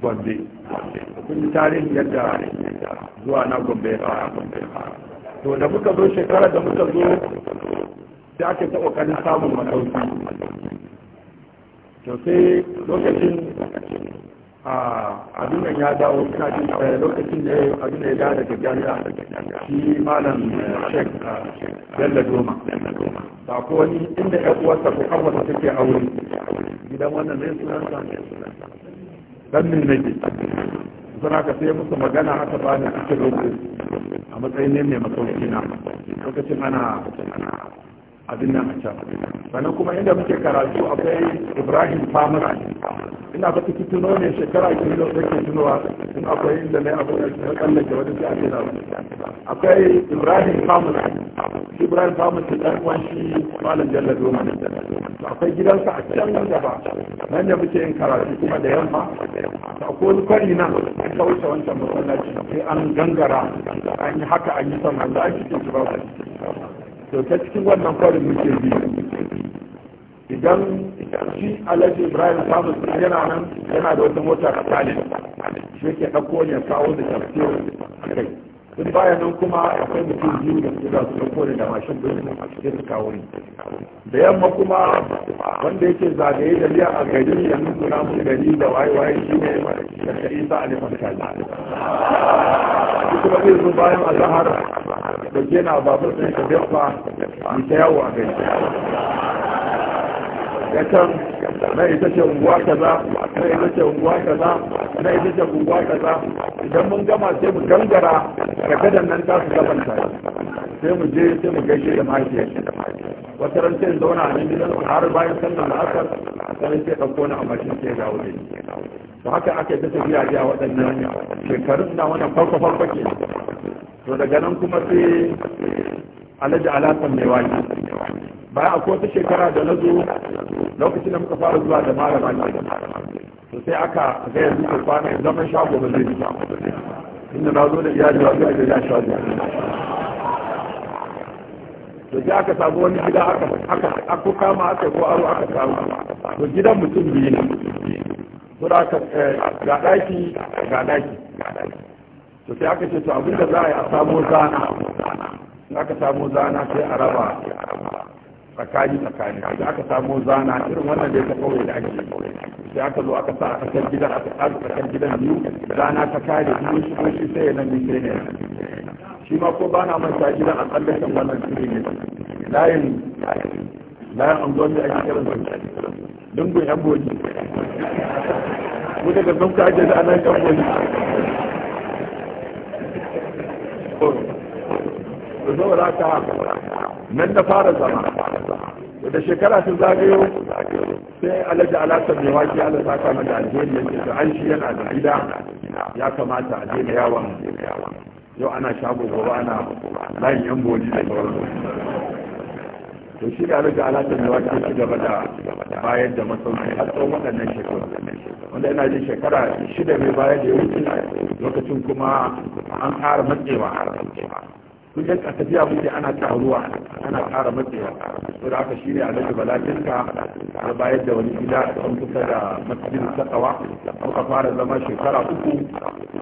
gombe kun yi tarihi yadda zuwa na gombe ya fara to da muka zo shekara da muka zo da ake ta samun matauki to sai lokacin a nan ya dawo ina jin eh, lokacin da abin da ya dawo daga jami'a shi malam eh, shek yalla eh, doma ba ko wani inda ya uwarsa ko kan wata take aure gidan wannan ne sunan sa dan ne nake don ka sai musu magana aka ba ni cikin rubu a matsayin ne mai masauki na lokacin ana abin nan a can sannan kuma inda muke karatu akwai ibrahim famara ina ba ciki tuno ne shekara ke da take tunowa in akwai inda na abu da na tsallake wani da ake na akwai ibrahim famara ibrahim famara ta dan uwan shi malam jalla doma akwai gidansa a can nan gaba nan da muke yin karatu kuma da yamma ta ko kwari nan an wuce wancan masallaci sai an gangara an yi haka an yi sama da ake cikin ba to ta cikin wannan kwarin muke bi idan shi alhaji ibrahim samus yana nan yana da wata mota a talib shi ke ɗauko ne kawo da tafsir a kai sun baya nan kuma akwai mutum biyu da su za su da mashin birnin a cikin kawai da yamma kuma wanda yake zagaye da liya a gari ya nuna mun gari da waye-waye shi ne da isa alifan kaji kuma zai zo bayan azahar da gina babur ɗin ka dafa mai ta yawo a gari da can na ita ce unguwa kaza na ita ce unguwa kaza na ita ce unguwa kaza idan mun gama sai mu gangara ga gadan nan ta su gaban ta sai mu je sai mu gaishe da mahaifiyar wata ran sai zauna a nan gidan har bayan sannan la'asar sai sai ɗauko na a mashin sai ga wuri to haka aka yi ta tafiya a waɗannan shekarun na wannan farko farko ke to daga nan kuma sai alhaji alasan mai wani bayan a wata shekara da na zo lokacin da muka fara zuwa da malama ne to sai aka ga yanzu a kwana zaman shago ba zai bi inda na zo da iyali ba zai da ya shago to sai aka samu wani gida aka aka aka kama aka ko aro aka samu to gidan mutum biyu ne to da aka eh, ga daki ga daki to sai aka ce to abinda za a yi a samu zana aka samu zana sai a raba tsakani tsakani da aka samu zana irin wannan da ya kawai da ake sai aka zo aka sa a kan gidan aka ƙasa tsakar gidan biyu zana ta kare kuma shi ko shi sai ya nan ne ne shi ma ko ba na manta gidan a tsallakan wannan shi ne layin layin anguwan da ake kiran su dungun yan boji mu daga sun ka ake da anan yan boji to saboda haka nan da fara zama da shekara ta zagayo sai alaji alaƙa mai waki ala zaka mada alheri ya ce an shi yana da gida ya kamata a daina yawon yau ana shago gobe ana layin yan boli da sauransu to shi da alaƙa alaƙa mai waki ya ci gaba da bayar da masauki a tsawon waɗannan shekaru wanda yana jin shekara shida mai bayar da yawancin lokacin kuma an ƙara matsewa kun a tafiya kuke ana taruwa ana ƙara matsewa to da aka shi ne alhaji balakinka har bayar da wani gida a kan kusa da masjidin sakawa muka fara zama shekara uku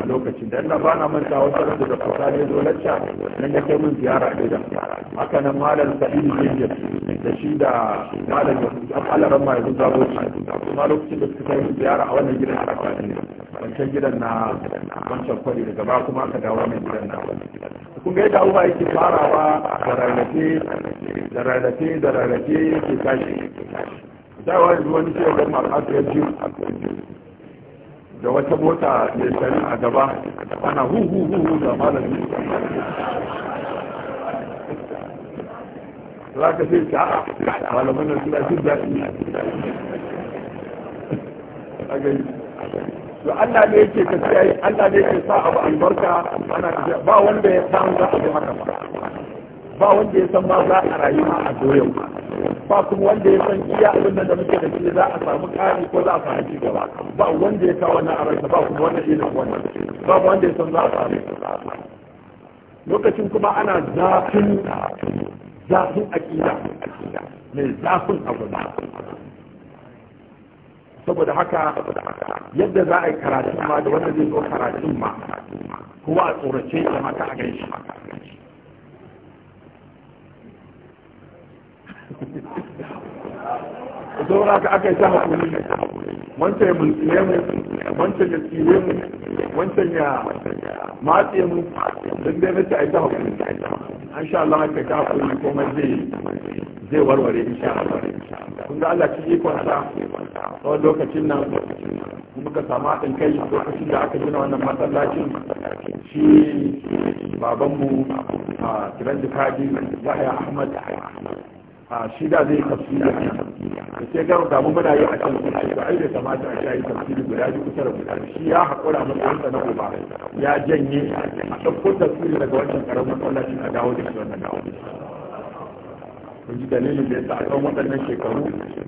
a lokacin da ina bana manta wata rasu da kusa ne zo lacca nan ya kai mun ziyara a gidan haka nan malam sa'idu jirgin da shi da malam ya kala ramma ya kusa boci kuma lokacin da suka kai ziyara a wannan gidan a wancan gidan na wancan kwari daga ba kuma aka dawo wannan gidan na kun gaida abubuwa yake farawa da rarrafe da rarrafe da rarrafe yake tashi da wani wani ce ga masu yaji da wata mota mai sani a gaba ana hu hu hu hu da malami za ka sai ta a malamin da suna jin daɗi a gani to Allah ne yake ka Allah ne yake sa abu albarka ana ba wanda ya san za a yi haka ba ba wanda ya san ba za a rayu ma a doyau ba kuma wanda ya san iya abin da muke da shi za a samu ƙari ko za a samu ci gaba ba wanda ya sa wannan a ba kuma wanda ya san wannan ba wanda ya san za a samu lokacin kuma ana zafin zafin aƙida mai zafin abu saboda haka yadda za a yi karatun ma da wanda zai zo karatun ma kuma a tsorace da maka a gaishe saboda ka aka yi ta hakuri wancan ya mulkiye mu wancan ya tsire mu wancan ya matse mu duk dai mace a yi ta hakuri sha Allah aka yi ta hakuri komai zai zai warware insha Allah kun ga Allah cikin kwanta tsawon lokacin nan muka samu haɗin kai lokacin da aka gina wannan masallacin shi babanmu a kiran jikadi yahya ahmad a shi da zai tafsiri a da sai gano damu muna yi a kan kuma da ai da kamata a shayi tafsiri guda biyu kusa da guda shi ya haƙura matsayinsa na uba ya janye a ɗauko tafsiri daga wancan ƙaramin shi a dawo da shi wannan dawo kun dalilin da ya sa a waɗannan shekaru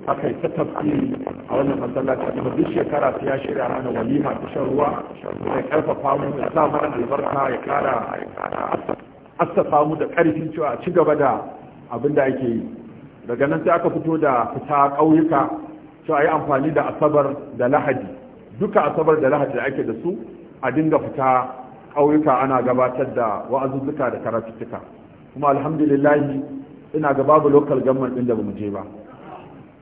aka yi ta tafsiri a wannan masallaci kuma duk shekara ta ya shirya mana walima ta shan ruwa ya karfafa mu ya sa mana albarka ya kara assafa mu da ƙarfin cewa a ci gaba da abin da ake yi daga nan sai aka fito da fita ƙauyuka cewa a yi amfani da asabar da lahadi duka asabar da lahadi da ake da su a dinga fita ƙauyuka ana gabatar da wa'azuzzuka da karatuttuka kuma alhamdulillahi ina ga babu local government din da bamu je ba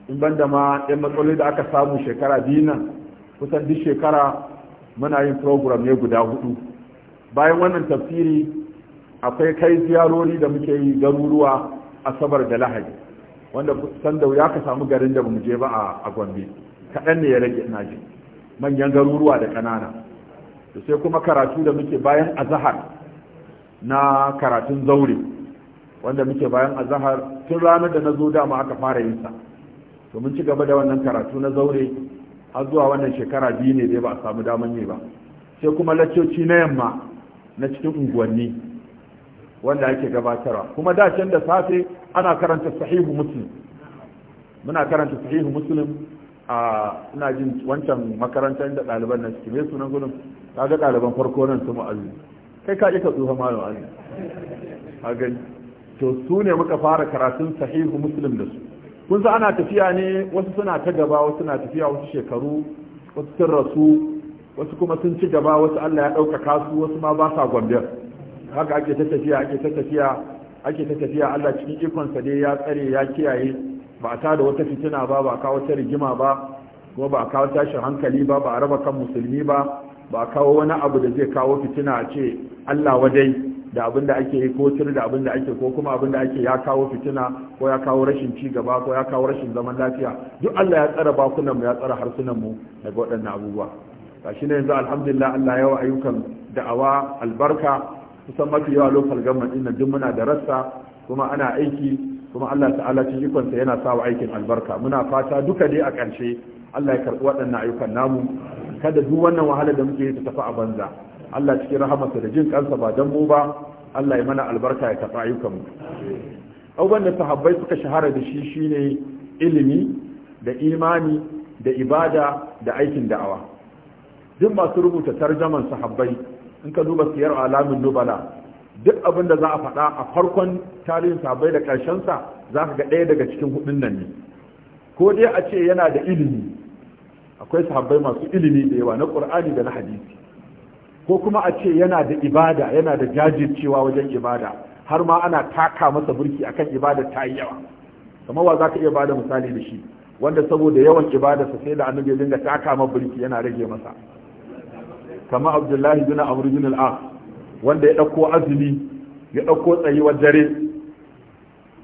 in banda ma yan matsaloli da aka samu shekara biyu nan kusan duk shekara muna yin program ne guda hudu bayan wannan tafsiri akwai kai ziyarori da muke yi garuruwa asabar da lahadi wanda kusan da ya ka samu garin da bamu je ba a gombe kaɗan ne ya rage ina ji manyan garuruwa da ƙanana sai kuma karatu da muke bayan azahar na karatun zaure wanda muke bayan azahar tun ranar da na zo dama aka fara yin sa to mun ci gaba da wannan karatu na zaure har zuwa wannan shekara biyu ne dai ba a samu daman yi ba sai kuma lacoci na yamma na cikin unguwanni wanda ake gabatarwa kuma da can da safe ana karanta sahihu muslim muna karanta sahihu muslim a ina jin wancan makarantar da ɗaliban nan suke me sunan gudun kaga ɗaliban farko nan su mu'azzi kai ka ka tsohon malam a gani to su ne muka fara karatun sahihu muslim da su kun sa ana tafiya ne wasu suna ta gaba wasu suna tafiya wasu shekaru wasu sun rasu wasu kuma sun ci gaba wasu Allah ya ɗaukaka kasu wasu ma ba sa gwambiyar haka ake ta tafiya ake ta tafiya ake ta tafiya Allah cikin ikonsa dai ya tsare ya kiyaye ba a da wata fitina ba ba a kawo wata rigima ba kuma ba a kawo tashin hankali ba ba a raba kan musulmi ba ba kawo wani abu da zai kawo fitina a ce Allah wadai da abin ake yi ko cire da abin da ake ko kuma abin da ake ya kawo fitina ko ya kawo rashin ci gaba ko ya kawo rashin zaman lafiya duk Allah ya tsara bakunan mu ya tsara harsunan mu daga waɗannan abubuwa gashi ne yanzu alhamdulillah Allah wa ayyukan da'awa albarka kusan mafi yawa lokal government din duk muna da rassa kuma ana aiki kuma Allah ta'ala cikin ikonsa yana sawa aikin albarka muna fata duka dai a ƙarshe Allah ya karɓi waɗannan ayyukan namu kada duk wannan wahala da muke ta tafi a banza Allah cikin rahamarsa da jin kansa ba dan mu ba Allah ya mana albarka ya tafi ayyukan mu abubuwan da sahabbai suka shahara da shi shine ilimi da imani da ibada da aikin da'awa duk masu rubuta tarjaman sahabbai in ka duba siyar alamin nubala duk abin da za a faɗa a farkon tarihin sahabbai da sa, za ka ga ɗaya daga cikin hudun nan ne ko dai a ce yana da ilimi akwai sahabbai masu ilimi da yawa na ƙur'ani da na hadisi ko kuma a ce yana da ibada yana da jajircewa wajen ibada har ma ana taka masa burki akan ibada ta yi yawa kamar wa za ka iya bada misali da shi wanda saboda yawan ibadarsa sai da annabi ya dinga taka masa burki yana rage masa kamar abdullahi bin amr bin al wanda ya dauko azumi ya dauko tsayuwar dare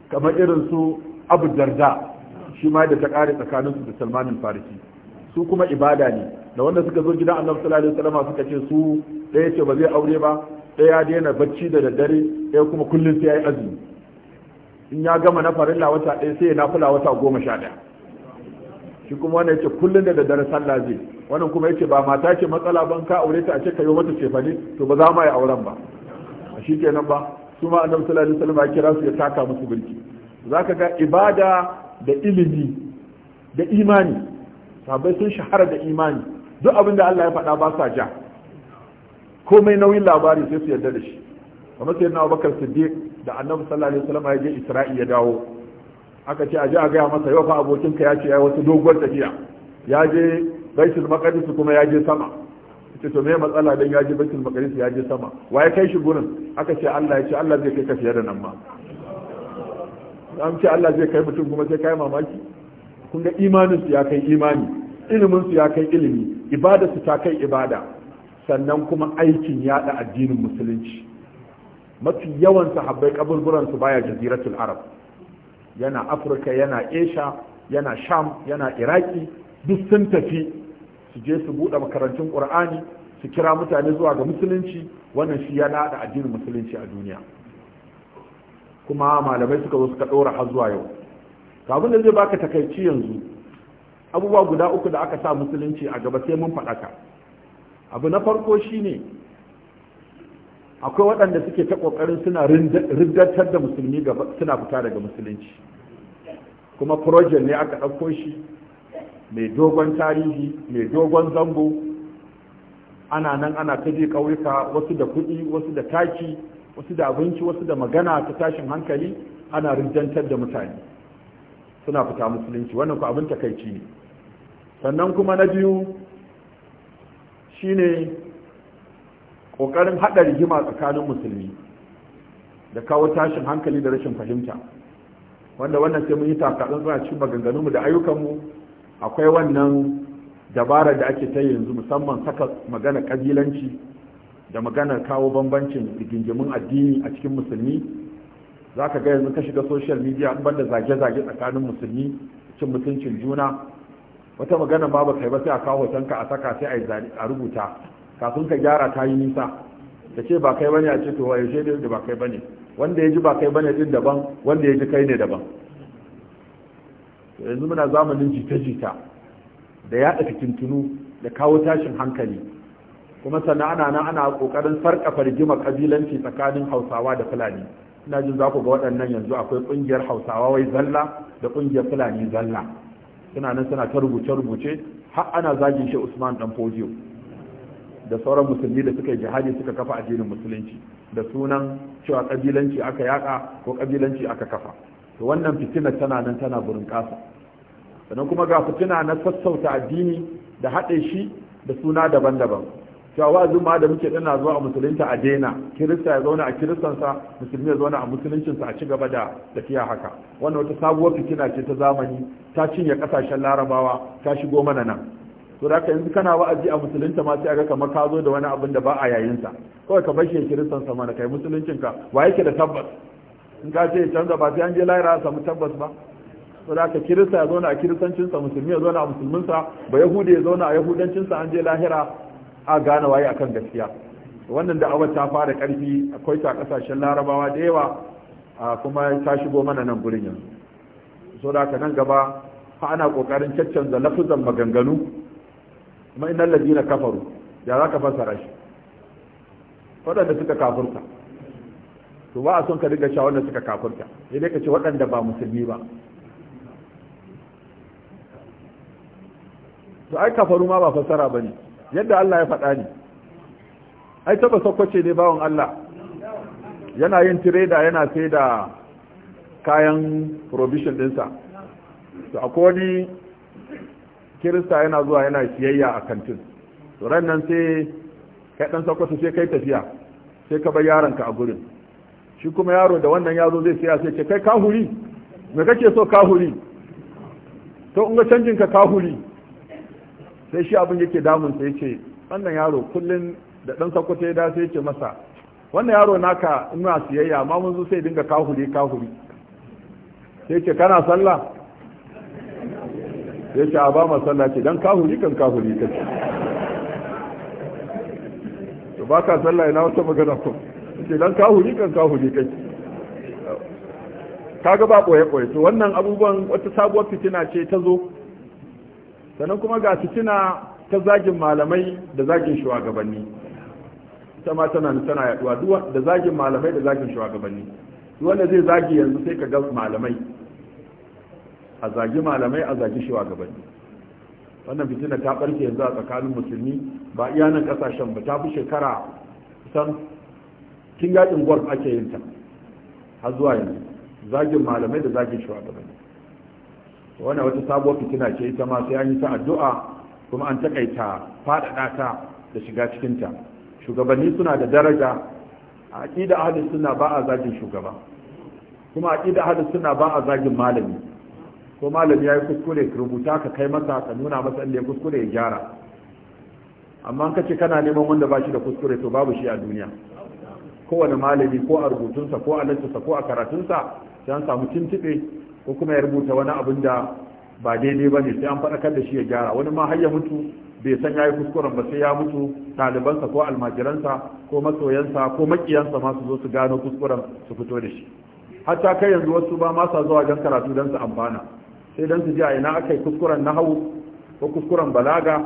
kamar irin su abu darda shi ma da ta kare tsakaninsu da salmanin farisi su kuma ibada ne da wanda suka zo gidan annabi sallallahu alaihi wasallam suka ce su ɗaya ce ba zai aure ba ɗaya ya daina bacci da daddare ɗaya kuma kullum sai ya yi azumi in ya gama na farilla wata ɗaya sai ya nafila wata goma sha ɗaya shi kuma wannan yace kullum da daddare sallah zai wannan kuma yace ba mata ce matsala ban ka aure ta a ce ka yi mata cefane to ba za ma yi auren ba shi kenan ba su ma annabi sallallahu alaihi wasallam ya kira su ya taka musu birki zaka ga ibada da ilimi da imani sahabbai sun shahara da imani duk abin da Allah ya faɗa ba sa ja komai nauyin labari sai su yarda da shi kamar sai na bakar siddiq da annabi sallallahu alaihi wasallam ya je isra'i ya dawo aka ce a je a gaya masa yau fa ka ya ce ya wasu doguwar tafiya ya je baitul maqdis kuma ya je sama ce to me matsala dan ya je baitul maqdis ya je sama waye kai shi gurin aka ce Allah ya ce Allah zai kai ka fiye da nan ma an ce Allah zai kai mutum kuma sai kai mamaki kun ga imanin ya kai imani ilimin su ya kai ilimi ibada su ta kai ibada sannan kuma aikin yada addinin musulunci mafi yawan sahabbai kaburburan su baya jaziratul arab yana afirka yana asia yana sham yana iraki duk sun tafi su je su buɗe makarantun ƙur'ani su kira mutane zuwa ga musulunci wannan shi ya addinin musulunci a duniya kuma malamai suka zo suka dora har zuwa yau kafin da zai baka takaici yanzu abubuwa guda uku da aka sa musulunci a gaba sai mun faɗaka abu na farko shine akwai waɗanda suke ta ƙoƙarin suna riddatar da musulmi suna fita daga musulunci kuma project ne aka ɗauko shi mai dogon tarihi mai dogon zango ana nan ana ta je ƙauyuka wasu da kuɗi wasu da taki wasu da abinci wasu da magana ta tashin hankali ana riddantar da mutane suna fita musulunci wannan ku abin takaici ne sannan kuma na biyu shine ƙoƙarin haɗa rigima tsakanin musulmi da kawo tashin hankali da rashin fahimta wanda wannan sai mun yi takatsun suna cikin maganganunmu da ayyukanmu akwai wannan dabarar da ake ta yanzu musamman saka magana kabilanci da magana kawo bambancin rigingimin addini a cikin musulmi za ka ga yanzu ka shiga social media in banda zage-zage tsakanin musulmi cin mutuncin juna wata magana ba ba kai ba sai a kawo hotonka a saka sai a rubuta kafin ka gyara ta yi nisa ta ce ba kai bane a ce to wa yaushe da ba kai bane wanda ya ji ba kai bane din daban wanda ya ji kai ne daban yanzu muna zamanin jita-jita da yaɗa fitintunu da kawo tashin hankali kuma sannan ana nan ana ƙoƙarin sarƙafa rigima kabilanci tsakanin hausawa da fulani ina jin za ku ga waɗannan yanzu akwai ƙungiyar hausawa wai zalla da ƙungiyar fulani zalla suna nan suna ta rubuce-rubuce har ana zagin shi usman dan fodiyo da sauran musulmi da suka yi jihadi suka kafa addinin musulunci da sunan cewa kabilanci aka yaka ko kabilanci aka kafa to wannan fitina tana nan tana burin kasa sannan kuma ga fitina na sassauta addini da haɗe shi da suna daban-daban cewa wa'azin ma da muke dana zuwa a musulunta a daina kirista ya zauna a kiristansa musulmi ya zauna a musuluncinsa a ci gaba da tafiya haka wannan wata sabuwar fitina ce ta zamani ta cinye kasashen larabawa ta shigo mana nan to da haka yanzu kana wa'azi a musulunta ma sai aga kamar ka zo da wani abin da ba a yayin sa kawai ka bashi kiristansa mana kai musuluncinka wa yake da tabbas in ka ce canza ba sai an je lahira samu tabbas ba so da kirista ya zauna a kiristancinsa musulmi ya zauna a musulminsa ba yahudi ya zauna a yahudancinsa an je lahira a gane waye akan gaskiya wannan da'awar ta fara karfi akwai ta kasashen larabawa da yawa kuma ta shigo mana nan gurin yanzu so da haka nan gaba fa ana kokarin caccanza lafuzan maganganu kuma innal ladina kafaru ya zaka fassara shi waɗanda suka kafurta to ba a son ka riga cewa waɗanda suka kafurta sai dai ka ce waɗanda ba musulmi ba to ai kafaru ma ba fassara bane yadda Allah ya faɗa ni ai taba sokwace ne bawon Allah yana yin tireda yana sai da kayan provision ɗinsa. to akwai wani kirista yana zuwa yana siyayya a kantin to ran nan sai kai dan sokwace sai kai tafiya sai ka bar yaronka a gurin shi kuma yaro da wannan yazo zai siya sai ce kai kahuri me kake so kahuri to in ga canjin ka kahuri sai shi abin yake damun sai ce wannan yaro kullum da dan sakwato ya dace yake masa wannan yaro naka ina siyayya amma mun zo sai dinga kahuri kahuri sai ce kana sallah sai ce a ba ma sallah ce dan kahuri kan kahuri kace to ka sallah ina wata magana ko ce dan kahuri kan kahuri kace kaga ba boye boye to wannan abubuwan wata sabuwar fitina ce ta zo sannan kuma ga fitina ta zagin malamai da zagin shugabanni ita ma tana tana yaduwa da zagin malamai da zagin shugabanni duk wanda zai zagi yanzu sai ka ga malamai a zagi malamai a zagi shugabanni wannan fitina ta barke yanzu a tsakanin musulmi ba iya nan kasashen ba ta fi shekara Kusan kin gadin gwar ake yin ta har zuwa yanzu zagin malamai da zagin shugabanni wannan wata sabuwar fitina ce ita ma sai an yi ta addu'a kuma an takaita faɗaɗa ta da shiga cikinta shugabanni suna da daraja a aƙida ahalin suna ba a zagin shugaba kuma a aƙida ahalin suna ba a zagin malami ko malami ya yi kuskure ka rubuta ka kai masa ka nuna masa inda ya kuskure ya gyara amma ka ce kana neman wanda ba shi da kuskure to babu shi a duniya kowane malami ko a rubutunsa ko a lantarsa ko a karatunsa sai an samu cintiɓe ko kuma ya rubuta wani abin da ba daidai ba ne sai an faɗakar da shi ya gyara wani ma har mutu bai san ya yi kuskuren ba sai ya mutu ɗalibansa ko almajiransa ko masoyansa ko makiyansa ma su zo su gano kuskuren su fito da shi hatta kai yanzu wasu ba ma sa zuwa don karatu don su amfana sai don su ji a ina aka yi kuskuren nahawu ko kuskuren balaga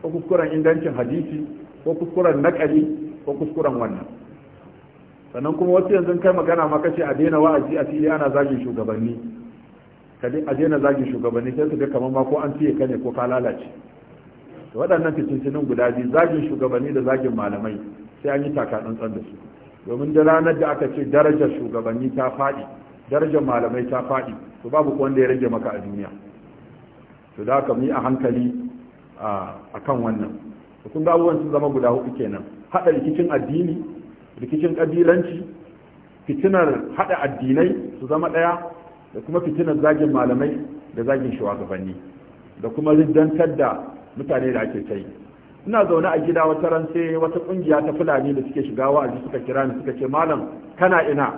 ko kuskuren ingancin hadisi ko kuskuren naƙari ko kuskuren wannan sannan kuma wasu yanzu kai magana ma kace a daina wa'azi a fili ana zagin shugabanni ka dai ajena zagin shugabanni sai su ga kamar ma ko an fiye ka ne ko ka lalace waɗannan fitintinin guda biyu zagin shugabanni da zagin malamai sai an yi taka tsantsan da su domin da ranar da aka ce darajar shugabanni ta faɗi darajar malamai ta faɗi to babu wanda ya rage maka a duniya to da ka mu yi a hankali a kan wannan kun ga abubuwan sun zama guda huɗu kenan haɗa rikicin addini rikicin ƙabilanci fitinar haɗa addinai su zama ɗaya da kuma fitinar zagin malamai da zagin shugabanni da kuma riddantar da mutane da ake kai ina zaune a gida wata ran sai wata kungiya ta fulani da suke shiga aji suka kira ni suka ce malam kana ina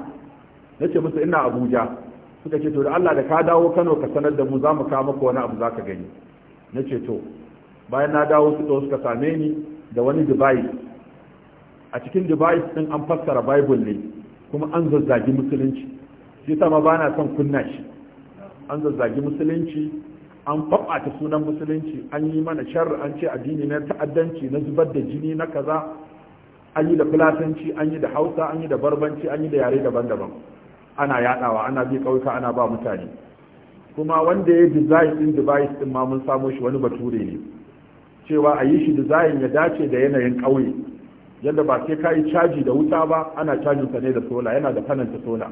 nace musu ina Abuja suka ce to da Allah da ka dawo Kano ka sanar da mu za mu kawo maka wani abu za ka gani nace to bayan na dawo su suka same ni da wani Dubai a cikin Dubai din an fassara Bible ne kuma an zazzagi musulunci shi sama ba na son kunna shi an zazzagi musulunci an faɓata sunan musulunci an yi mana shar an ce addini na ta'addanci na zubar da jini na kaza an yi da fulatanci an yi da hausa an yi da barbanci an yi da yare daban-daban ana yadawa ana bi kauyuka ana ba mutane kuma wanda ya design din device din ma mun samo shi wani bature ne cewa a yi shi design ya dace da yanayin ƙauye. yadda ba sai ka yi caji da wuta ba ana cajinsa ne da sola yana da fananta sola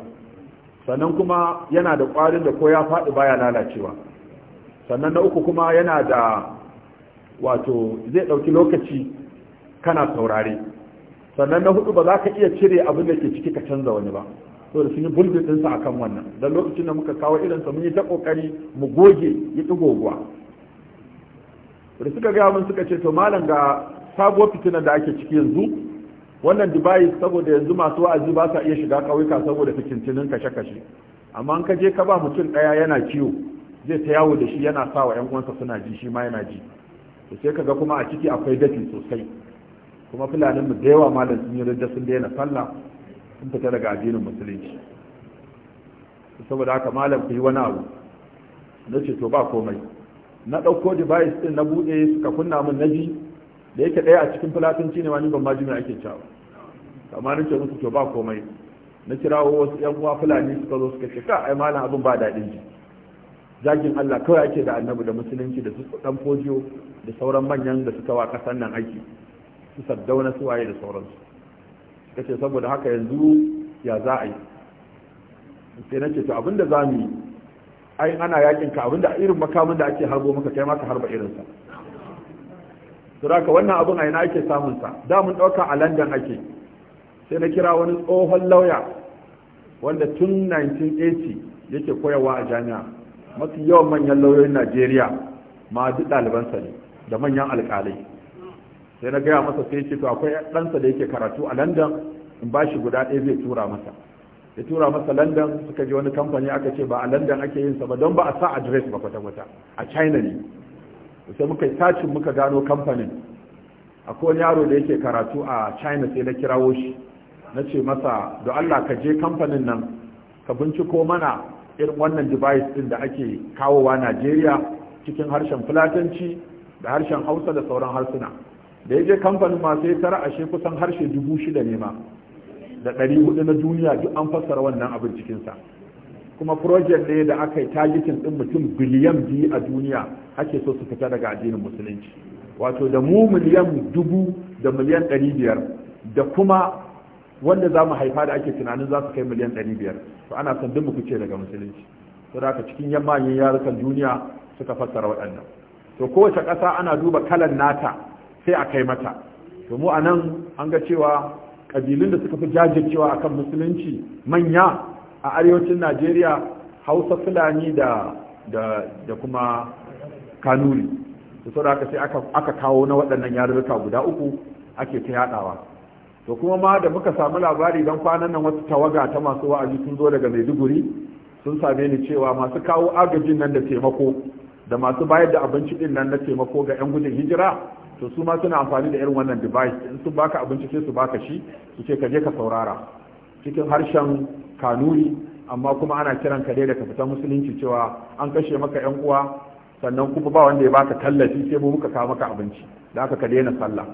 sannan kuma yana da ƙwarin da ko ya faɗi baya lalacewa sannan na uku kuma yana da wato zai ɗauki lokaci kana saurare sannan na hudu ba za ka iya cire abin da ke ciki ka canza wani ba so da sun yi bulbin ɗinsa akan wannan don lokacin da muka kawo irin sa, mun yi ta ƙoƙari mu goge yi ɗigoguwa da suka gaya mun suka ce to malam ga sabuwar fitinar da ake ciki yanzu wannan dubai saboda yanzu masu wa'azi ba sa iya shiga kauyuka saboda fitintinin kashe-kashe amma an ka je ka ba mutum ɗaya yana ciwo zai ta yawo da shi yana sa wa 'yan uwansa suna ji shi ma yana ji to sai kaga kuma a ciki akwai dafi sosai kuma fulanin mu da yawa malam sun yi rinda sun daina sallah sun fita daga addinin musulunci saboda haka malam ku yi wani abu na ce to ba komai na ɗauko device ɗin na buɗe suka kunna min na ji da yake daya a cikin fulatanci ne wani ban ma jimi ake cewa amma ce musu to ba komai na kirawo wasu yan uwa fulani suka zo suka ce ka ai malam abin ba dadin ji zagin Allah kawai ake da annabi da musulunci da su dan fojiyo da sauran manyan da suka wa kasan nan aiki su saddauna su waye da sauransu suka ce saboda haka yanzu ya za a yi sai nace to abinda za mu yi ai ana yakin ka abinda irin makamin da ake harbo maka kai ma ka harba irinsa raka wannan abin a ina ake samun sa da mun dauka a london ake sai na kira wani tsohon lauya wanda tun 1980 yake koyarwa a jami'a mafi yawan manyan lauyoyin najeriya ma duk ɗalibansa ne da manyan alƙalai sai na gaya masa sai ce to akwai sa da yake karatu a london in ba shi guda ɗaya zai tura masa ya tura masa london suka je wani kamfani aka ce ba a london ake yin sa ba don ba a sa adres ba kwata-kwata a china ne sai muka yi tacin muka gano kamfanin akwai wani yaro da yake karatu a china sai na kirawo shi na ce masa da allah ka je kamfanin nan ka binciko mana irin wannan device din da ake kawowa najeriya cikin harshen fulatanci da harshen hausa da sauran harsuna da ya je kamfanin ma sai tara ashe kusan harshe dubu shida ne ma da ɗari hudu na duniya duk an fassara wannan abin cikinsa kuma project ne da aka yi tagitin din mutum biliyan biyu a duniya ake so su fita daga addinin musulunci wato da mu miliyan dubu da miliyan ɗari biyar da kuma wanda za mu haifa da ake tunanin za su kai miliyan ɗari biyar to ana son duk mu fice daga musulunci to da cikin yamma yin yarukan duniya suka fassara waɗannan to kowace ƙasa ana duba kalan nata sai a kai mata to mu a nan an ga cewa ƙabilun da suka fi jajircewa akan musulunci manya a arewacin najeriya hausa fulani da da kuma kanuri da sau aka sai aka kawo na waɗannan yarurruka guda uku ake ta yaɗawa to kuma ma da muka samu labari don kwanan nan wasu tawaga ta masu wa'azi sun zo daga maiduguri sun same ni cewa masu kawo agajin nan da taimako da masu bayar da abinci din nan na taimako ga 'yan gudun hijira to su ma suna amfani da irin wannan device in su baka abinci sai su baka shi su ce ka je ka saurara cikin harshen kanuri amma kuma ana kiran ka dai da fita musulunci cewa an kashe maka yan uwa sannan kuma ba wanda ya baka tallafi sai mu muka kawo maka abinci da aka ka daina sallah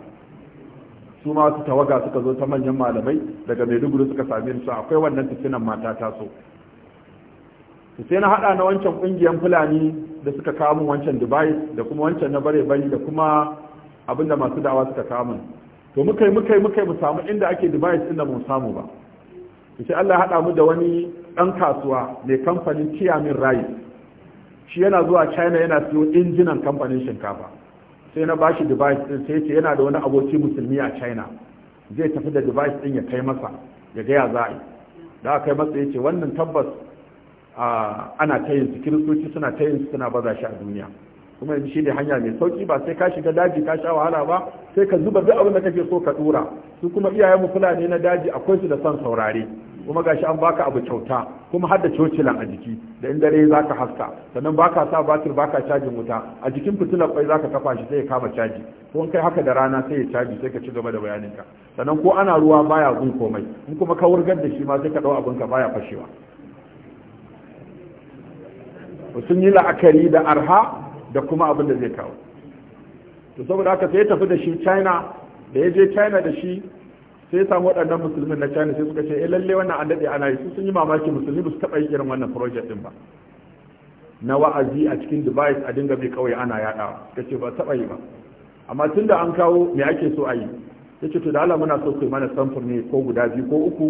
su ma su tawaga suka zo ta manyan malamai daga maiduguri suka sami su akwai wannan fitinan mata ta so sai na hada na wancan kungiyan fulani da suka kawo min wancan dubai da kuma wancan na bare bari da kuma abinda masu da'awa suka kawo min to muka yi muka yi muka yi mu samu inda ake dubai din da mu samu ba sai Allah haɗa mu da wani ɗan kasuwa mai kamfanin Tiamin Rai shi yana zuwa China yana siyo injinan kamfanin shinkafa sai na bashi device ɗin sai ce yana da wani aboki musulmi a China zai tafi da device ɗin ya kai masa ya ga ya za'a da aka kai masa yace wannan tabbas ana ta yin su kiristoci suna ta yin su suna baza shi a duniya kuma yanzu shi ne hanya mai sauki ba sai ka shiga daji ka sha wahala ba sai ka zuba duk abin da kake so ka dura su kuma iyayen mu fulani na daji akwai su da son saurare kuma gashi an baka abu kyauta kuma har da cocilan a jiki da in dare zaka haska sannan baka sa batir baka cajin wuta a jikin fitilar kwai zaka kafa shi sai ya kama caji ko kai haka da rana sai ya caji sai ka ci gaba da bayaninka sannan ko ana ruwa baya gun komai in kuma ka wurgar da shi ma sai ka dau ka baya fashewa sun yi la'akari da arha da kuma abin da zai kawo to saboda haka sai ya tafi da shi china da ya je china da shi sai ya samu waɗannan musulmin na china sai suka ce eh lalle wannan an daɗe ana yi su sun yi mamaki musulmi ba su taɓa yin irin wannan project din ba na wa'azi a cikin device a dinga bi kawai ana yaɗa kace ce ba taɓa yi ba amma tun da an kawo me ake so a yi ya to da Allah muna so yi mana samfur ne ko guda biyu ko uku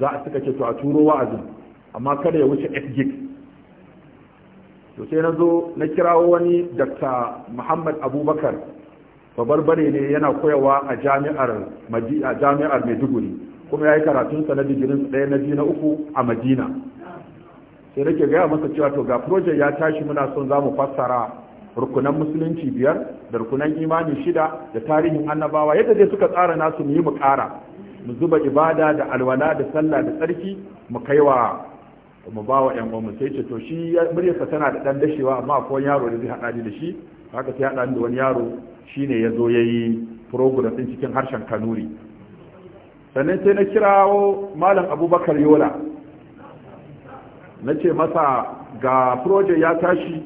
za a suka ce to a turo wa'azin amma kada ya wuce 8 gig to sai na zo na kirawo wani dr muhammad abubakar babarbare ne yana koyawa a jami'ar a jami'ar maiduguri kuma ya yi sa na digirin ɗaya na biyu na uku a madina sai nake gaya masa cewa to ga project ya tashi muna son za mu fassara rukunan musulunci biyar da rukunan imani shida da tarihin annabawa yadda dai suka tsara nasu mu yi mu ƙara mu zuba ibada da alwala da sallah da tsarki mu kaiwa mu ba wa ƴan uwanmu sai ce to shi muryarsa tana da ɗan dashewa amma ko yaro da zai haɗa da shi haka sai haɗa ni da wani yaro shine ya zo ya yi program ɗin cikin harshen kanuri sannan sai na kirawo malam abubakar yola na ce masa ga project ya tashi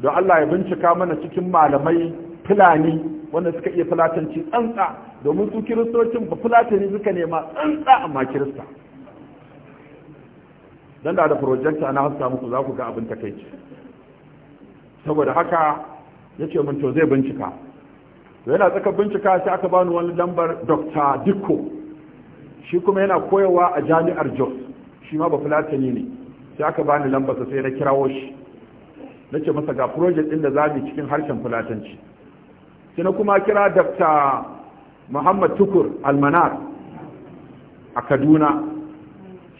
don allah ya bincika mana cikin malamai fulani wanda suka iya fulatanci tsantsa domin su kiristocin ba fulatani suka nema tsantsa amma kirista dan da da projector na haska muku za ku ga abin takeici saboda haka yace mun to zai bincika to yana tsaka bincika sai aka bani wani lambar Dr. Dikko shi kuma yana koyarwa a jami'ar Jos shi ma ba fulatani ne sai aka bani lambar sa sai na kirawo shi nace masa ga project din da za mu cikin harshen fulatanci sai na kuma kira Dr. Muhammad Tukur Almanar a Kaduna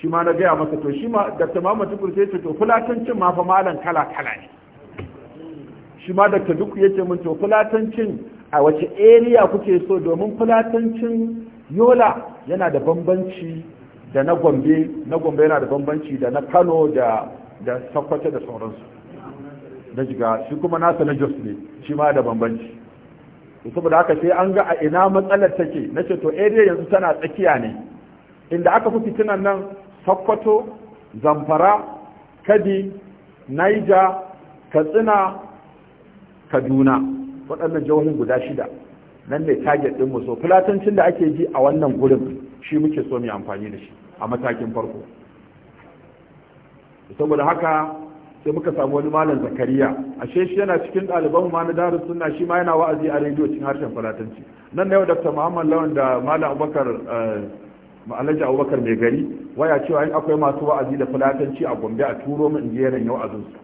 shi ma na gaya masa to shi ma dr muhammad tukur sai ce to fulatancin ma fa malam kala kala ne shi ma dr duk ya ce min to fulatancin a wace area kuke so domin fulatancin yola yana da bambanci da na gombe na gombe yana da bambanci da na kano da da sakwata da sauransu na jiga shi kuma nasa na jos ne shi ma da bambanci saboda haka sai an ga a ina matsalar take na ce to area yanzu tana tsakiya ne inda aka fi fitinan nan sakkwato zamfara kadi naija katsina kaduna waɗannan jihohin guda shida nan ne target ɗin mu so fulatancin da ake ji a wannan gurin shi muke so mu amfani da shi a matakin farko saboda haka sai muka samu wani malam zakariya ashe shi yana cikin ɗaliban ma na darus sunna shi ma yana wa'azi a rediyo cikin harshen fulatanci nan ne yau dr muhammad lawan da malam abubakar eh, ma'alaji abubakar mai gari waya cewa in akwai masu wa'azi da fulatanci a gombe a turo min jerin yau azinsu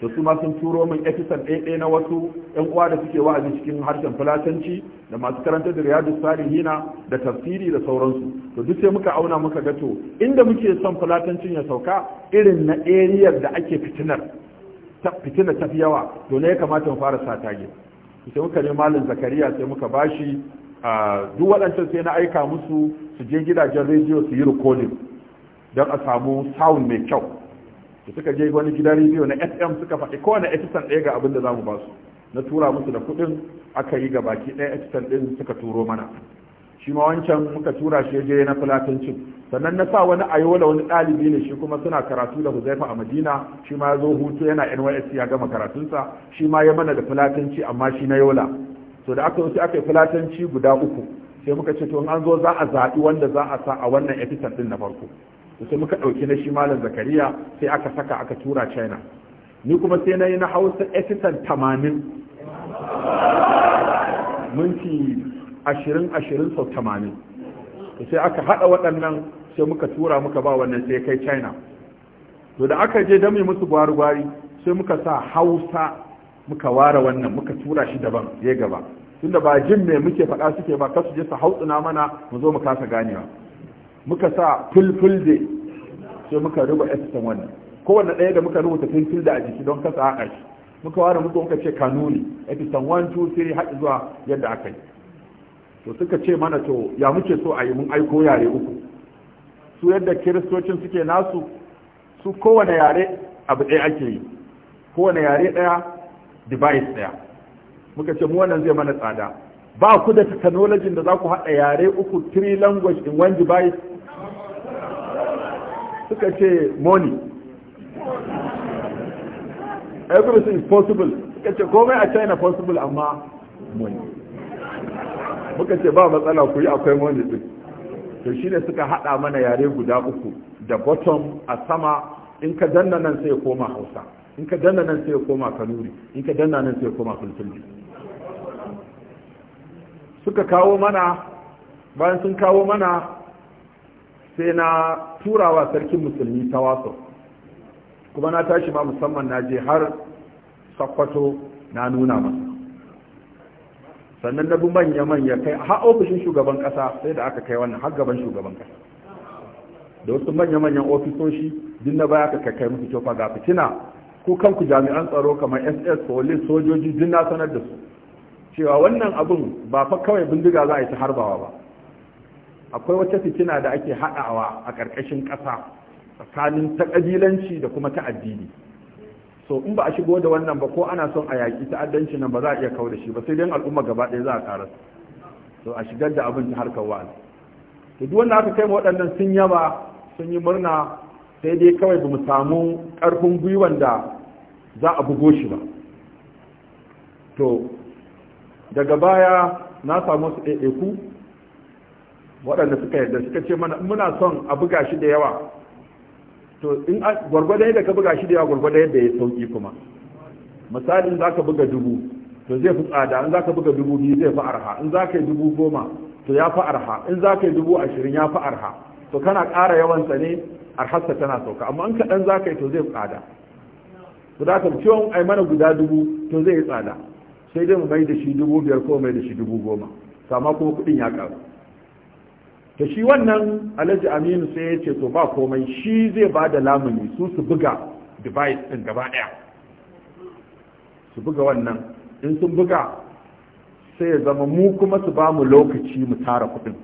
da su ma sun turo min episode ɗaya ɗaya na wasu 'yan uwa da suke wa'azi cikin harshen fulatanci da masu karanta da riyadu salihina da tafsiri da sauransu to duk sai muka auna muka ga to inda muke son fulatancin ya sauka irin na eriyar da ake fitinar ta fitina ta fi yawa to ne ya kamata mu fara sa tage sai muka ne malam zakariya sai muka bashi ah, duk waɗancan sai na aika musu su je gidajen rediyo su yi recording don a samu sound mai kyau da suka je wani gidan rediyo na fm suka faɗi kowane episode ɗaya ga abin da za mu ba su na tura musu da kuɗin aka yi ga baki ɗaya episode ɗin suka turo mana shi ma wancan muka tura shi je na filatancin sannan na sa wani ayola wani ɗalibi ne shi kuma suna karatu da huzaifa a madina shi ma ya zo hutu yana nysc ya gama karatunsa shi ma ya mana da fulatanci amma shi na yola sau da aka yi aka yi fulatanci guda uku sai muka ce to an zo za a zaɓi wanda za a sa a wannan episode ɗin na farko sai muka ɗauki na shi malam zakariya sai aka saka aka tura china ni kuma sai na yi na hausa episode tamanin minti ashirin ashirin sau tamanin sai aka haɗa waɗannan sai muka tura muka ba wannan sai kai china to da aka je dami musu gwari-gwari sai muka sa hausa muka ware wannan muka tura shi daban ya gaba tunda ba jin me muke faɗa suke ba kasu je su hautsuna mana mu zo mu kasa ganewa muka sa fulfil de sai muka ruba esitan wannan kowanne ɗaya da muka rubuta fulfil da a jiki don kasa a ƙarshe muka ware muka muka ce kanuni esitan 1 two three haɗi zuwa yadda aka yi to suka ce mana to ya muke so a yi mun aiko yare uku su yadda kiristocin suke nasu su kowane yare abu ɗaya ake yi kowane yare ɗaya device ɗaya muka ce mu wannan zai mana tsada ba ku da technology da za ku haɗa yare uku three language in one device suka ce money everything is possible suka ce komai a china possible amma money muka ce ba matsala ku yi akwai money din to shine suka haɗa mana yare guda uku da bottom a sama in ka danna nan sai ya koma hausa in ka danna nan sai ya koma kanuri in ka danna nan sai ya koma fulfulbi suka kawo mana bayan sun kawo mana sai na turawa sarkin musulmi ta waso kuma na tashi ma musamman na je har sakwato na nuna masa sannan na bi manya-manya kai a ofishin shugaban kasa sai da aka kai wannan har gaban shugaban kasa da wasu manya-manyan ofisoshi din na baya aka kai musu cofa ga fitina ku kanku jami'an tsaro kamar ss police sojoji din na sanar da su cewa wannan abun ba fa kawai bindiga za a yi ta harbawa ba akwai wata fitina da ake haɗawa a ƙarƙashin ƙasa tsakanin ta ƙabilanci da kuma ta addini so in ba a shigo da wannan ba ko ana son a yaƙi ta'addanci nan ba za a iya kawo da shi ba sai dai al'umma gaba ɗaya za a ƙara so a shigar da abin ta harkar wa'azi to duk wanda aka kai ma waɗannan sun yaba sun yi murna sai dai kawai ba mu samu ƙarfin gwiwan da za a bugo shi ba to daga baya na samu su ɗaiɗaiku waɗanda suka yarda suka ce mana muna son a buga shi da yawa to in gwargwada yadda ka buga shi da yawa gwargwada yadda ya sauki kuma misalin za ka buga dubu to zai fi tsada in za ka buga dubu biyu zai fi arha in za ka yi dubu goma to ya fi arha in za ka yi dubu ashirin ya fi arha to kana ƙara yawansa ne arhasta tana sauka amma in kaɗan za ka yi to zai fi tsada to da ka ciwon ai mana guda dubu to zai yi tsada sai dai mu mai da shi dubu biyar ko mai da shi dubu goma sama kuma kuɗin ya ƙaru ta shi wannan alhaji aminu sai ya ce to ba komai shi zai ba da lamuni su su buga device ɗin gaba ɗaya su buga wannan in sun buga sai ya zama mu kuma su ba mu lokaci mu tara kuɗin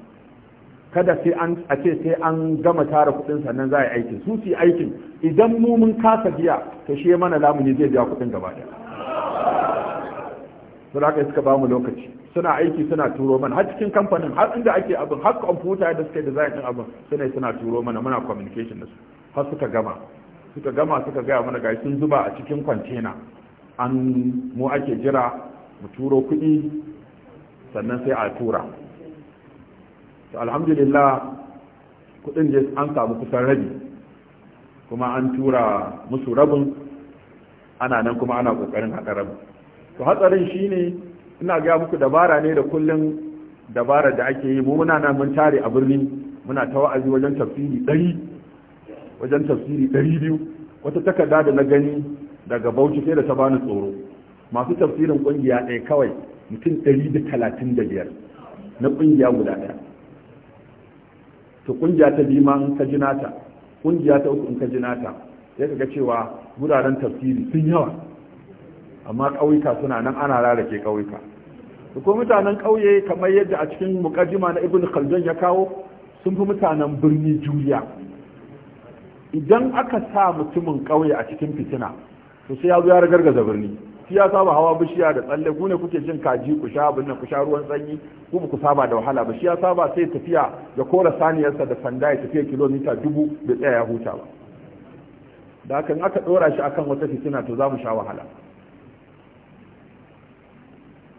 kada sai an a ce sai an gama tara kuɗin sannan za a yi aikin su su yi aikin idan mu mun kasa biya ta shi mana lamuni zai biya kuɗin gaba ɗaya sun haka suka bamu lokaci suna aiki suna turo mana har cikin kamfanin har inda ake abin har kwamfuta da suka yi design din abin suna suna turo mana muna communication da su har suka gama suka gama suka gaya mana ga sun zuba a cikin kwantena an mu ake jira mu turo kuɗi sannan sai a tura to alhamdulillah kuɗin je an samu kusan rabi kuma an tura musu rabin ana nan kuma ana ƙoƙarin haɗa rabin to hatsarin shi ne ina gaya muku dabara ne da kullum dabara da ake yi mu muna nan mun tare a birni muna ta wa'azi wajen tafsiri ɗari wajen tafsiri ɗari biyu. wata takarda da na gani daga Bauchi sai da ta bani tsoro masu tafsirin kungiya ɗaya kawai mutum ɗari da da talatin biyar, na kungiya guda ɗaya to kungiya ta biyu ma in ka nata kungiya ta uku in ka nata sai ka ga cewa wuraren tafsiri sun yawa amma ƙauyuka suna nan ana rarake ƙauyuka ko mutanen ƙauye kamar yadda a cikin mukaddima na ibn khaldun ya kawo sun fi mutanen birni juriya idan aka sa mutumin ƙauye a cikin fitina to sai ya zo ya ragargaza birni shi ya saba hawa bishiya da tsalle ku ne kuke jin kaji ku sha abin ku sha ruwan sanyi ku ku saba da wahala ba shi ya saba sai tafiya da kora saniyarsa da sanda ya tafiya kilomita dubu bai tsaya ya huta ba da aka ɗora shi akan wata fitina to za mu sha wahala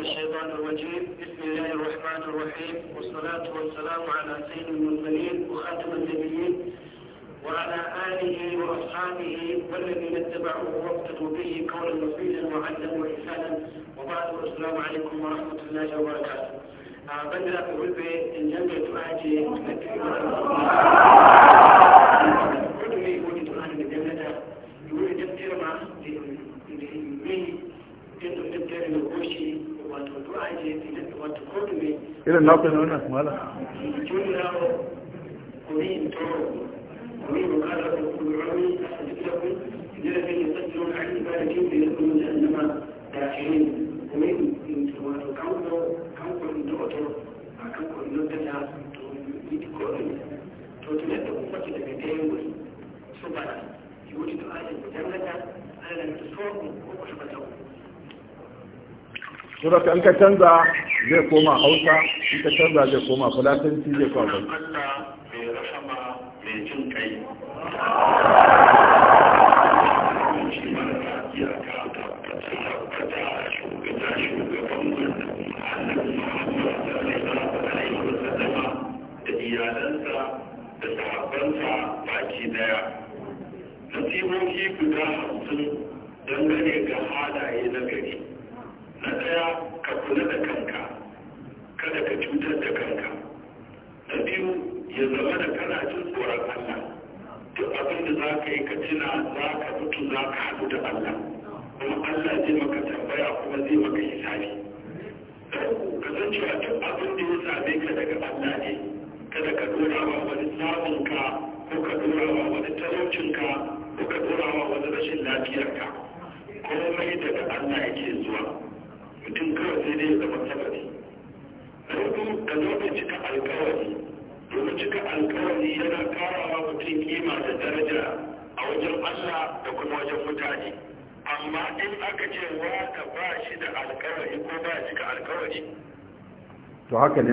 الشيطان الرجيم بسم الله الرحمن الرحيم والصلاة والسلام على سيد المرسلين وخاتم النبيين وعلى آله وأصحابه والذين اتبعوه واقتدوا به قولا مفيدا وعدلا وإحسانا وبعد والسلام عليكم ورحمة الله وبركاته بدل في قلبي إن لم يتواجه irin na kwanan wannan kuma ala Thank you. suraka in ka canza zai koma hausa in ka canza zai koma fulatanci zai koma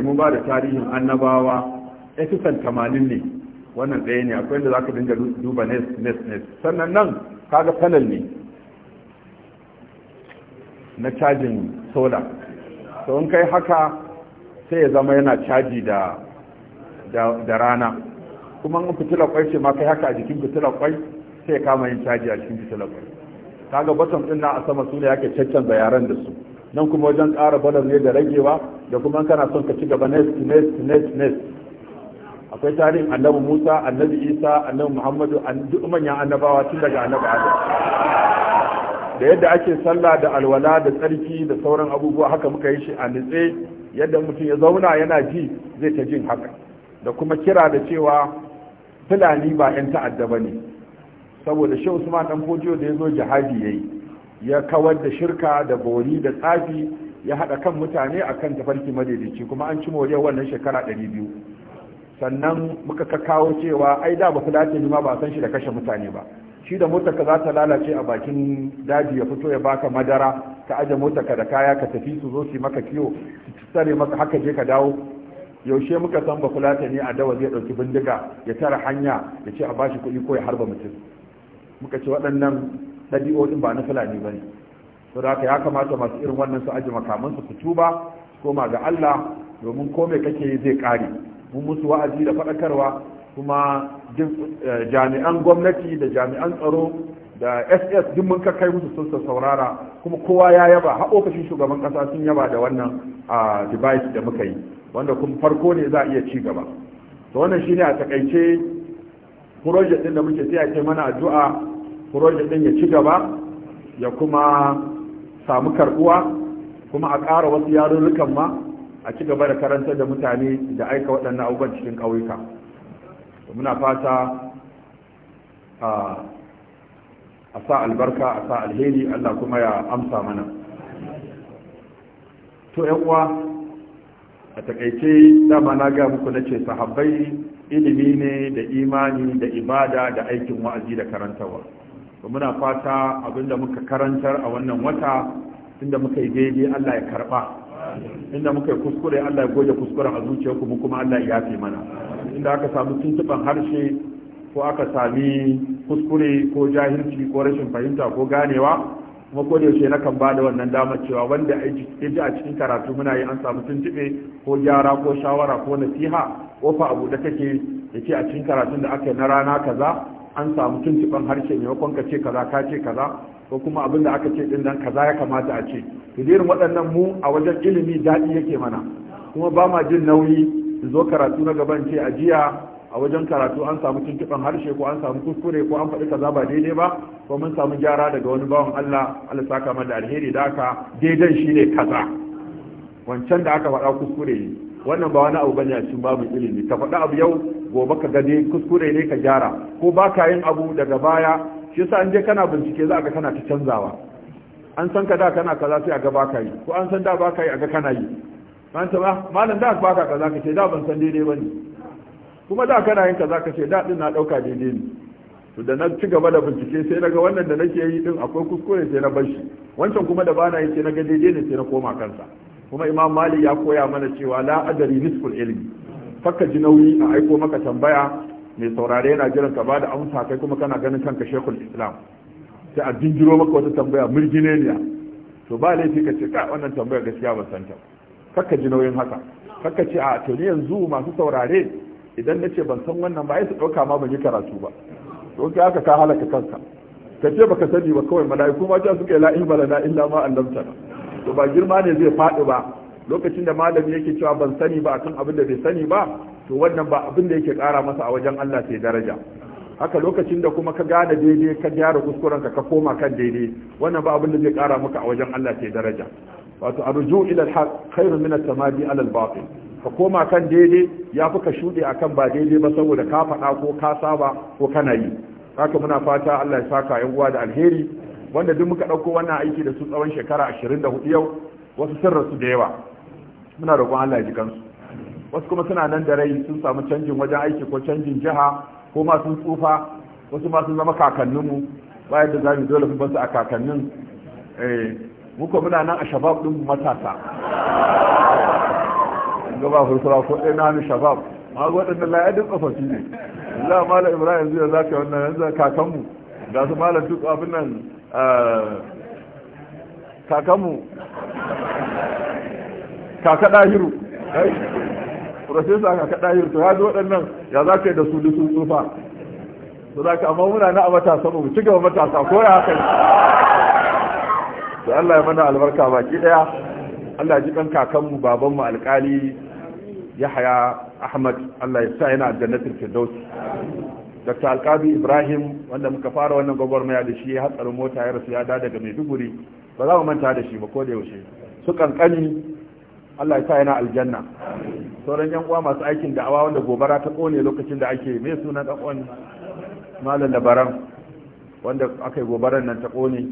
mun ba da tarihin annabawa efisan tamanin ne wannan ɗaya ne akwai da za ka dinga duba nes nes nes sannan nan kaga panel ne na cajin solar to in kai haka sai ya zama yana caji da rana kuma in fitila kwai ce ma kai haka a jikin fitila kwai sai ya kama yin caji a cikin fitila kwai kaga bottom din na a sama su ne yake caccanza yaran da su nan kuma wajen ƙara ne da ragewa da kuma kana son ka ci gaba next next next next akwai tarihin annabi musa annabi isa annabi muhammadu duk manyan annabawa tun daga annabi adam da yadda ake sallah da alwala da tsarki da sauran abubuwa haka muka yi shi a nitse yadda mutum ya zauna yana ji zai ta jin haka da kuma kira da cewa fulani ba 'yan ta'adda ba ne saboda shi usman dan fojiyo da ya zo jihadi ya yi ya kawar da shirka da bori da tsafi ya haɗa kan mutane a kan tafarki madaidaici kuma an ci moriyar wannan shekara ɗari biyu sannan muka kawo cewa ai da ba fulatin ma ba san shi da kashe mutane ba shi da motarka za ta lalace a bakin daji ya fito ya baka madara ka aje motarka da kaya ka tafi su zo su maka kiwo su tsare maka haka je ka dawo yaushe muka san ba fulata ne a dawa zai ɗauki bindiga ya tara hanya ya ce a bashi kuɗi ko ya harba mutum muka ce waɗannan ɗabi'o'in ba na fulani ba ne to da ya kamata masu irin wannan su aji makamansu su tuba koma ga Allah domin kome kake kake zai kare mun musu wa'azi da faɗakarwa kuma eh, jami'an gwamnati da jami'an tsaro da ss duk mun kai musu sun saurara kuma kowa ya yaba har ofishin shugaban ƙasa sun yaba da wannan a ah, device da muka yi wanda kuma farko ne za a iya ci gaba to wannan shine a takaice project din da muke sai a mana addu'a project din ya ci gaba ya kuma samu karbuwa kuma a ƙara wasu yarurrukan ma a ci gaba da karanta da mutane da aika waɗannan abubuwan cikin ƙauyuka muna fata a sa albarka a sa alheri allah kuma ya amsa mana to yan uwa a takaice dama na ga muku na ce sahabbai ilimi ne da imani da ibada da aikin wa'azi da karantawa. to muna fata abinda muka karantar a wannan wata inda muka yi daidai Allah ya karba inda muka yi kuskure Allah ya goge kuskuren a zuciyarku mu kuma Allah ya yafe mana inda aka samu tuntuban harshe ko aka sami kuskure ko jahilci ko rashin fahimta ko ganewa kuma ko da yaushe na kan bada wannan damar cewa wanda ya ji a cikin karatu muna yi an samu tuntube ko gyara ko shawara ko nasiha fa abu da take ya a cikin karatun da aka yi na rana kaza an samu tuntuɓen harshe maimakon ka ce kaza ka ce kaza ko kuma abin da aka ce din nan kaza ya kamata a ce irin waɗannan mu a wajen ilimi daɗi yake mana kuma ba ma jin nauyi in zo karatu na gaban ce a jiya a wajen karatu an samu tuntuɓen harshe ko an samu kuskure ko an faɗi kaza ba daidai ba ko mun samu gyara daga wani bawan Allah Allah saka mana alheri da aka daidai shine kaza wancan da aka faɗa kuskure ne wannan ba wani abu bane a cikin babu ilimi ka faɗa abu yau gobe ka gani kuskure ne ka gyara ko ba ka yin abu daga baya shi yasa an je kana bincike za a ga kana ta canzawa an san ka da kana kaza sai a ga ba ka yi ko an san da ba ka yi a ga kana yi an ta ba malam da ba ka kaza ka ce da ban san daidai bane kuma da kana yin kaza ka ce da din na dauka daidai ne to da na ci gaba da bincike sai ga wannan da nake yi din akwai kuskure sai na bashi wancan kuma da bana yi sai na ga daidai ne sai na koma kansa kuma imam mali ya koya mana cewa la adari nisful ilmi fakka ji nauyi a aiko maka tambaya mai saurare yana jiran ka bada amsa kai kuma kana ganin kanka shekul islam sai a jinjiro maka wata tambaya ne to ba laifi ka ce ka wannan tambaya gaskiya ba san ta kakka ji nauyin haka kakka ce a to ni yanzu masu saurare idan na ce ban san wannan ba su ɗauka ma ban yi karatu ba to kai haka ka halaka kanka ka ce baka sani ba kawai mala'iku ma ta suka la ilma lana illa ma allamtana to ba girma ne zai faɗi ba lokacin da malami yake cewa ban sani ba akan abin da bai sani ba to wannan ba abin da yake kara masa a wajen Allah sai daraja haka lokacin da kuma ka gane daidai ka gyara kuskuren ka ka koma kan daidai wannan ba abin da zai ƙara maka a wajen Allah sai daraja wato arju ila alhaq khairun min at ala al-batil ka koma kan daidai ya fi ka shuɗe a kan ba daidai ba saboda ka faɗa ko ka saba ko kana yi haka muna fata Allah ya saka yan uwa da alheri wanda duk muka ɗauko wannan aiki da su tsawon shekara 24 yau wasu sun rasu da yawa muna roƙon Allah ya ji kansu wasu kuma suna nan da rai sun samu canjin wajen aiki ko canjin jiha ko ma sun tsufa wasu ma sun zama mu ba yadda za mu dole mu su a kakannin eh ko muna nan a shabab din matasa gaba furfura ko ɗaya na hannu shabab ma waɗannan ya duk tsofaffi ne Allah malam Ibrahim zai zaka wannan yanzu mu ga su malam duk abin nan eh, kakan mu. kaka ɗahiru profesa kaka ɗahiru to ya zo waɗannan ya za ka yi da su sun tsufa to za ka amma muna na a matasa mu ci gaba matasa ko ya haka to Allah ya mana albarka baki ɗaya Allah ji ɗan kakanmu babanmu alƙali Yahaya Ahmad Allah ya sa yana jannatin firdaus dr alkabi ibrahim wanda muka fara wannan gwagwarmaya da shi hatsarin mota ya rasu ya da daga maiduguri ba za mu manta da shi ba ko da yaushe su kankani Allah ya sa yana aljanna sauran yan uwa masu aikin da'awa wanda gobara ta kone lokacin da ake mai suna dan uwan malam labaran wanda aka yi gobarar nan ta kone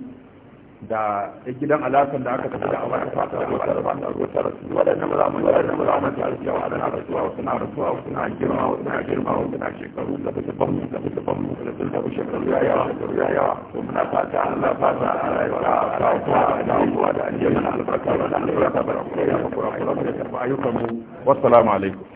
da gidan alasan da aka tafi da a wata fata da wata da wata da waɗannan mulamun waɗannan mulamun ta rasu da ana rasuwa wasu na rasuwa wasu na girma wasu na girma wasu na shekaru da bisa ban da bisa ban da sun tafi shekaru ya yawa da ya yawa to muna fata da fata a rayuwa da kawo da abubuwa da an yi mana albarka da albarka da kuma ya kuma kuma da ayyukan mu wassalamu alaikum